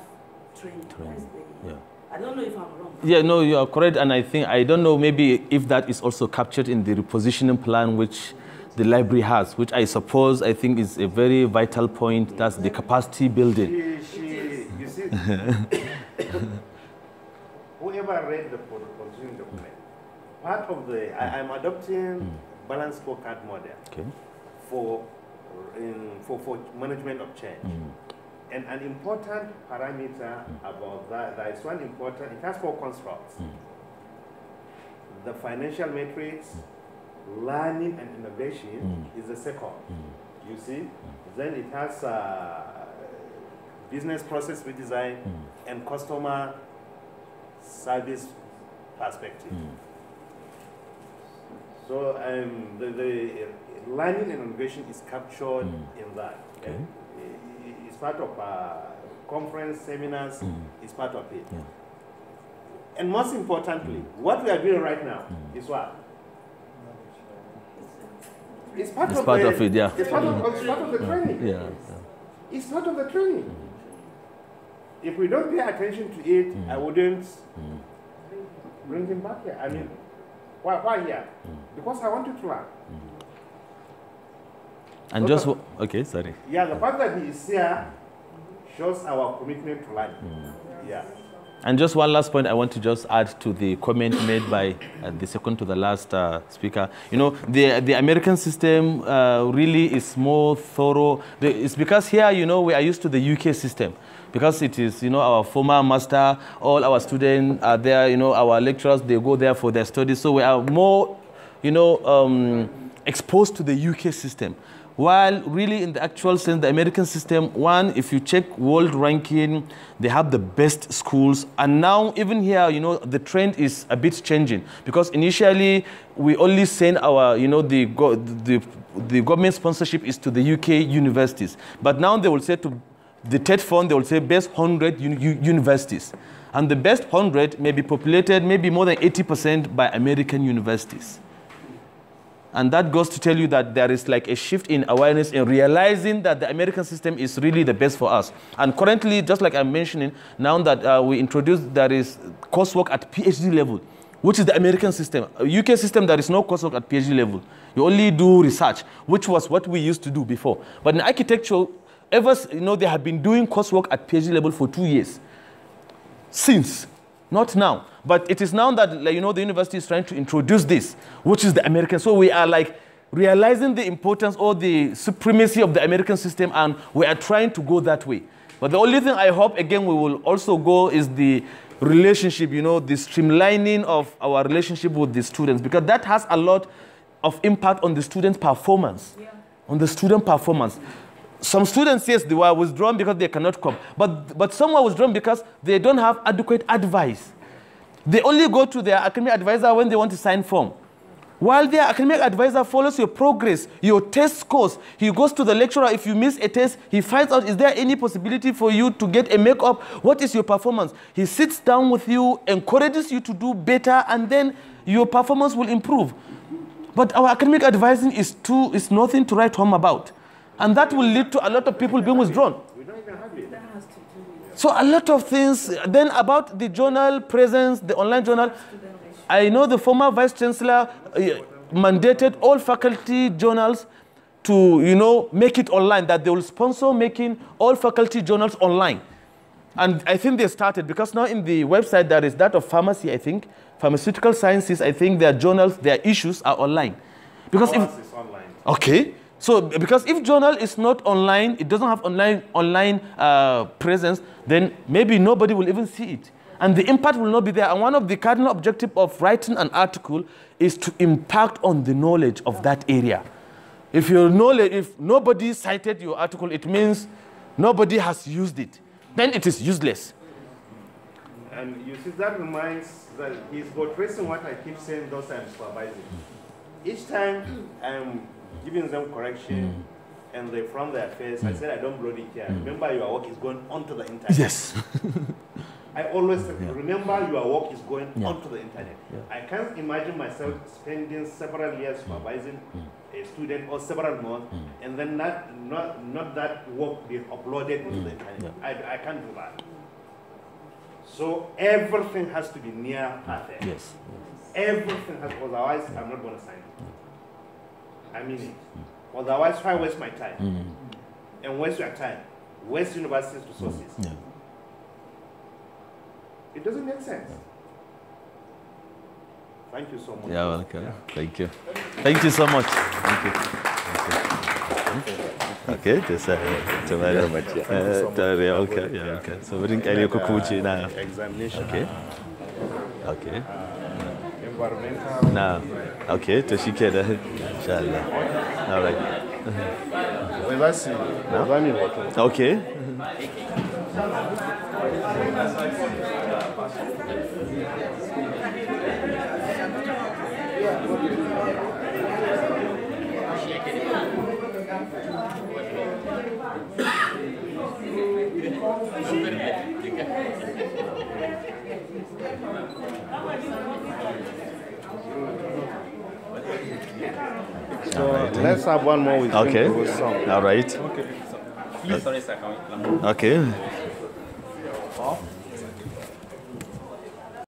training. training. Yeah. I don't know if I'm wrong. Yeah, no, you are correct. And I think, I don't know maybe if that is also captured in the repositioning plan which the library has, which I suppose I think is a very vital point. That's the capacity building. Whoever read the consumer document, part of the, I, am adopting hmm. balanced scorecard model okay. for, in, for, for management of change. Mm. And an important parameter mm. about that, that is one important, it has four constructs. Mm. The financial metrics, hmm. learning and innovation hmm. is the second. You see? Then it has uh, business process redesign, mm. and customer service perspective. Mm. So um, the, the uh, learning and innovation is captured hmm. in that. Okay. It's part of our uh, conference, seminars, mm. it's part of it. Yeah. And most importantly, hmm. what we are doing right now hmm. is what? It's part, it's of, part the, of it, yeah. It's part of, it's part of the training. Yeah, yeah. It's part of the training if we don't pay attention to it, mm. I wouldn't mm. bring him back here. I mean, mm. why, why here? Mm. Because I wanted to learn. Mm. And so just, the, okay, sorry. Yeah, the fact that he is here shows our commitment to life. Yeah. And just one last point I want to just add to the comment made by uh, the second to the last uh, speaker. You know, the, the American system uh, really is more thorough. It's because here, you know, we are used to the UK system because it is, you know, our former master, all our students are there, you know, our lecturers, they go there for their studies. So we are more, you know, um, exposed to the UK system. While really in the actual sense, the American system, one, if you check world ranking, they have the best schools. And now even here, you know, the trend is a bit changing because initially we only send our, you know, the, the, the government sponsorship is to the UK universities. But now they will say to the TED fund, they will say best 100 universities. And the best 100 may be populated maybe more than 80% by American universities. And that goes to tell you that there is like a shift in awareness in realizing that the American system is really the best for us. And currently, just like I'm mentioning, now that uh, we introduced there is coursework at PhD level, which is the American system. UK system, there is no coursework at PhD level. You only do research, which was what we used to do before. But in architecture, ever, you know, they have been doing coursework at PhD level for two years. Since, not now. But it is now that, like, you know, the university is trying to introduce this, which is the American. So we are like realizing the importance or the supremacy of the American system, and we are trying to go that way. But the only thing I hope, again, we will also go is the relationship, you know, the streamlining of our relationship with the students, because that has a lot of impact on the student performance, yeah. on the student performance some students, yes, they were withdrawn because they cannot come. But, but some were withdrawn because they don't have adequate advice. They only go to their academic advisor when they want to sign form. While their academic advisor follows your progress, your test scores, he goes to the lecturer. If you miss a test, he finds out, is there any possibility for you to get a makeup? is your performance? He sits down with you, encourages you to do better, and then your performance will improve. But our academic advising is, too, is nothing to write home about. And that will lead to a lot of people being withdrawn. So a lot of things. Then about the journal presence, the online journal, I know the former vice chancellor uh, mandated all faculty journals to, you know, make it online, that they will sponsor making all faculty journals online. And I think they started because now in the website there is that of pharmacy, I think, pharmaceutical sciences, I think their journals, their issues are online. Because if, online. Okay. So because if journal is not online, it doesn't have online, online uh, presence, then maybe nobody will even see it. And the impact will not be there. And one of the cardinal objectives of writing an article is to impact on the knowledge of that area. If your knowledge, if nobody cited your article, it means nobody has used it. Then it is useless. And you see, that reminds that he's portraying what I keep saying those times am Each time I'm um, giving them correction. Mm. And they from their face. I mm. said, I don't bloody care. Mm. Remember, your work is going onto the internet. Yes. I always mm, yeah. remember your work is going yeah. onto the internet. Yeah. I can't imagine myself spending several years supervising a student or several months and then not, not, not that work being uploaded into the internet. I, I can't do that. So everything has to be near perfect. Yes. yes. Everything has, otherwise I'm not going to sign I mean it. Otherwise, why waste my time? Mm. And waste your time. Waste university's resources. Mm. Yeah. It doesn't make sense. Thank you so much. Yeah, welcome. Yeah. Thank you. Thank you so much. Thank you. Okay, okay. just uh, to my yeah. much. Yeah. Uh, so much. Yeah, okay, yeah, okay. So we didn't get uh, now. examination. Okay. Okay. Uh, No. Okay, Toshikeda. Eh? Inshallah. All right. Okay. So right. let's have one more with okay. All right. Okay. Please, sorry, sir. Okay.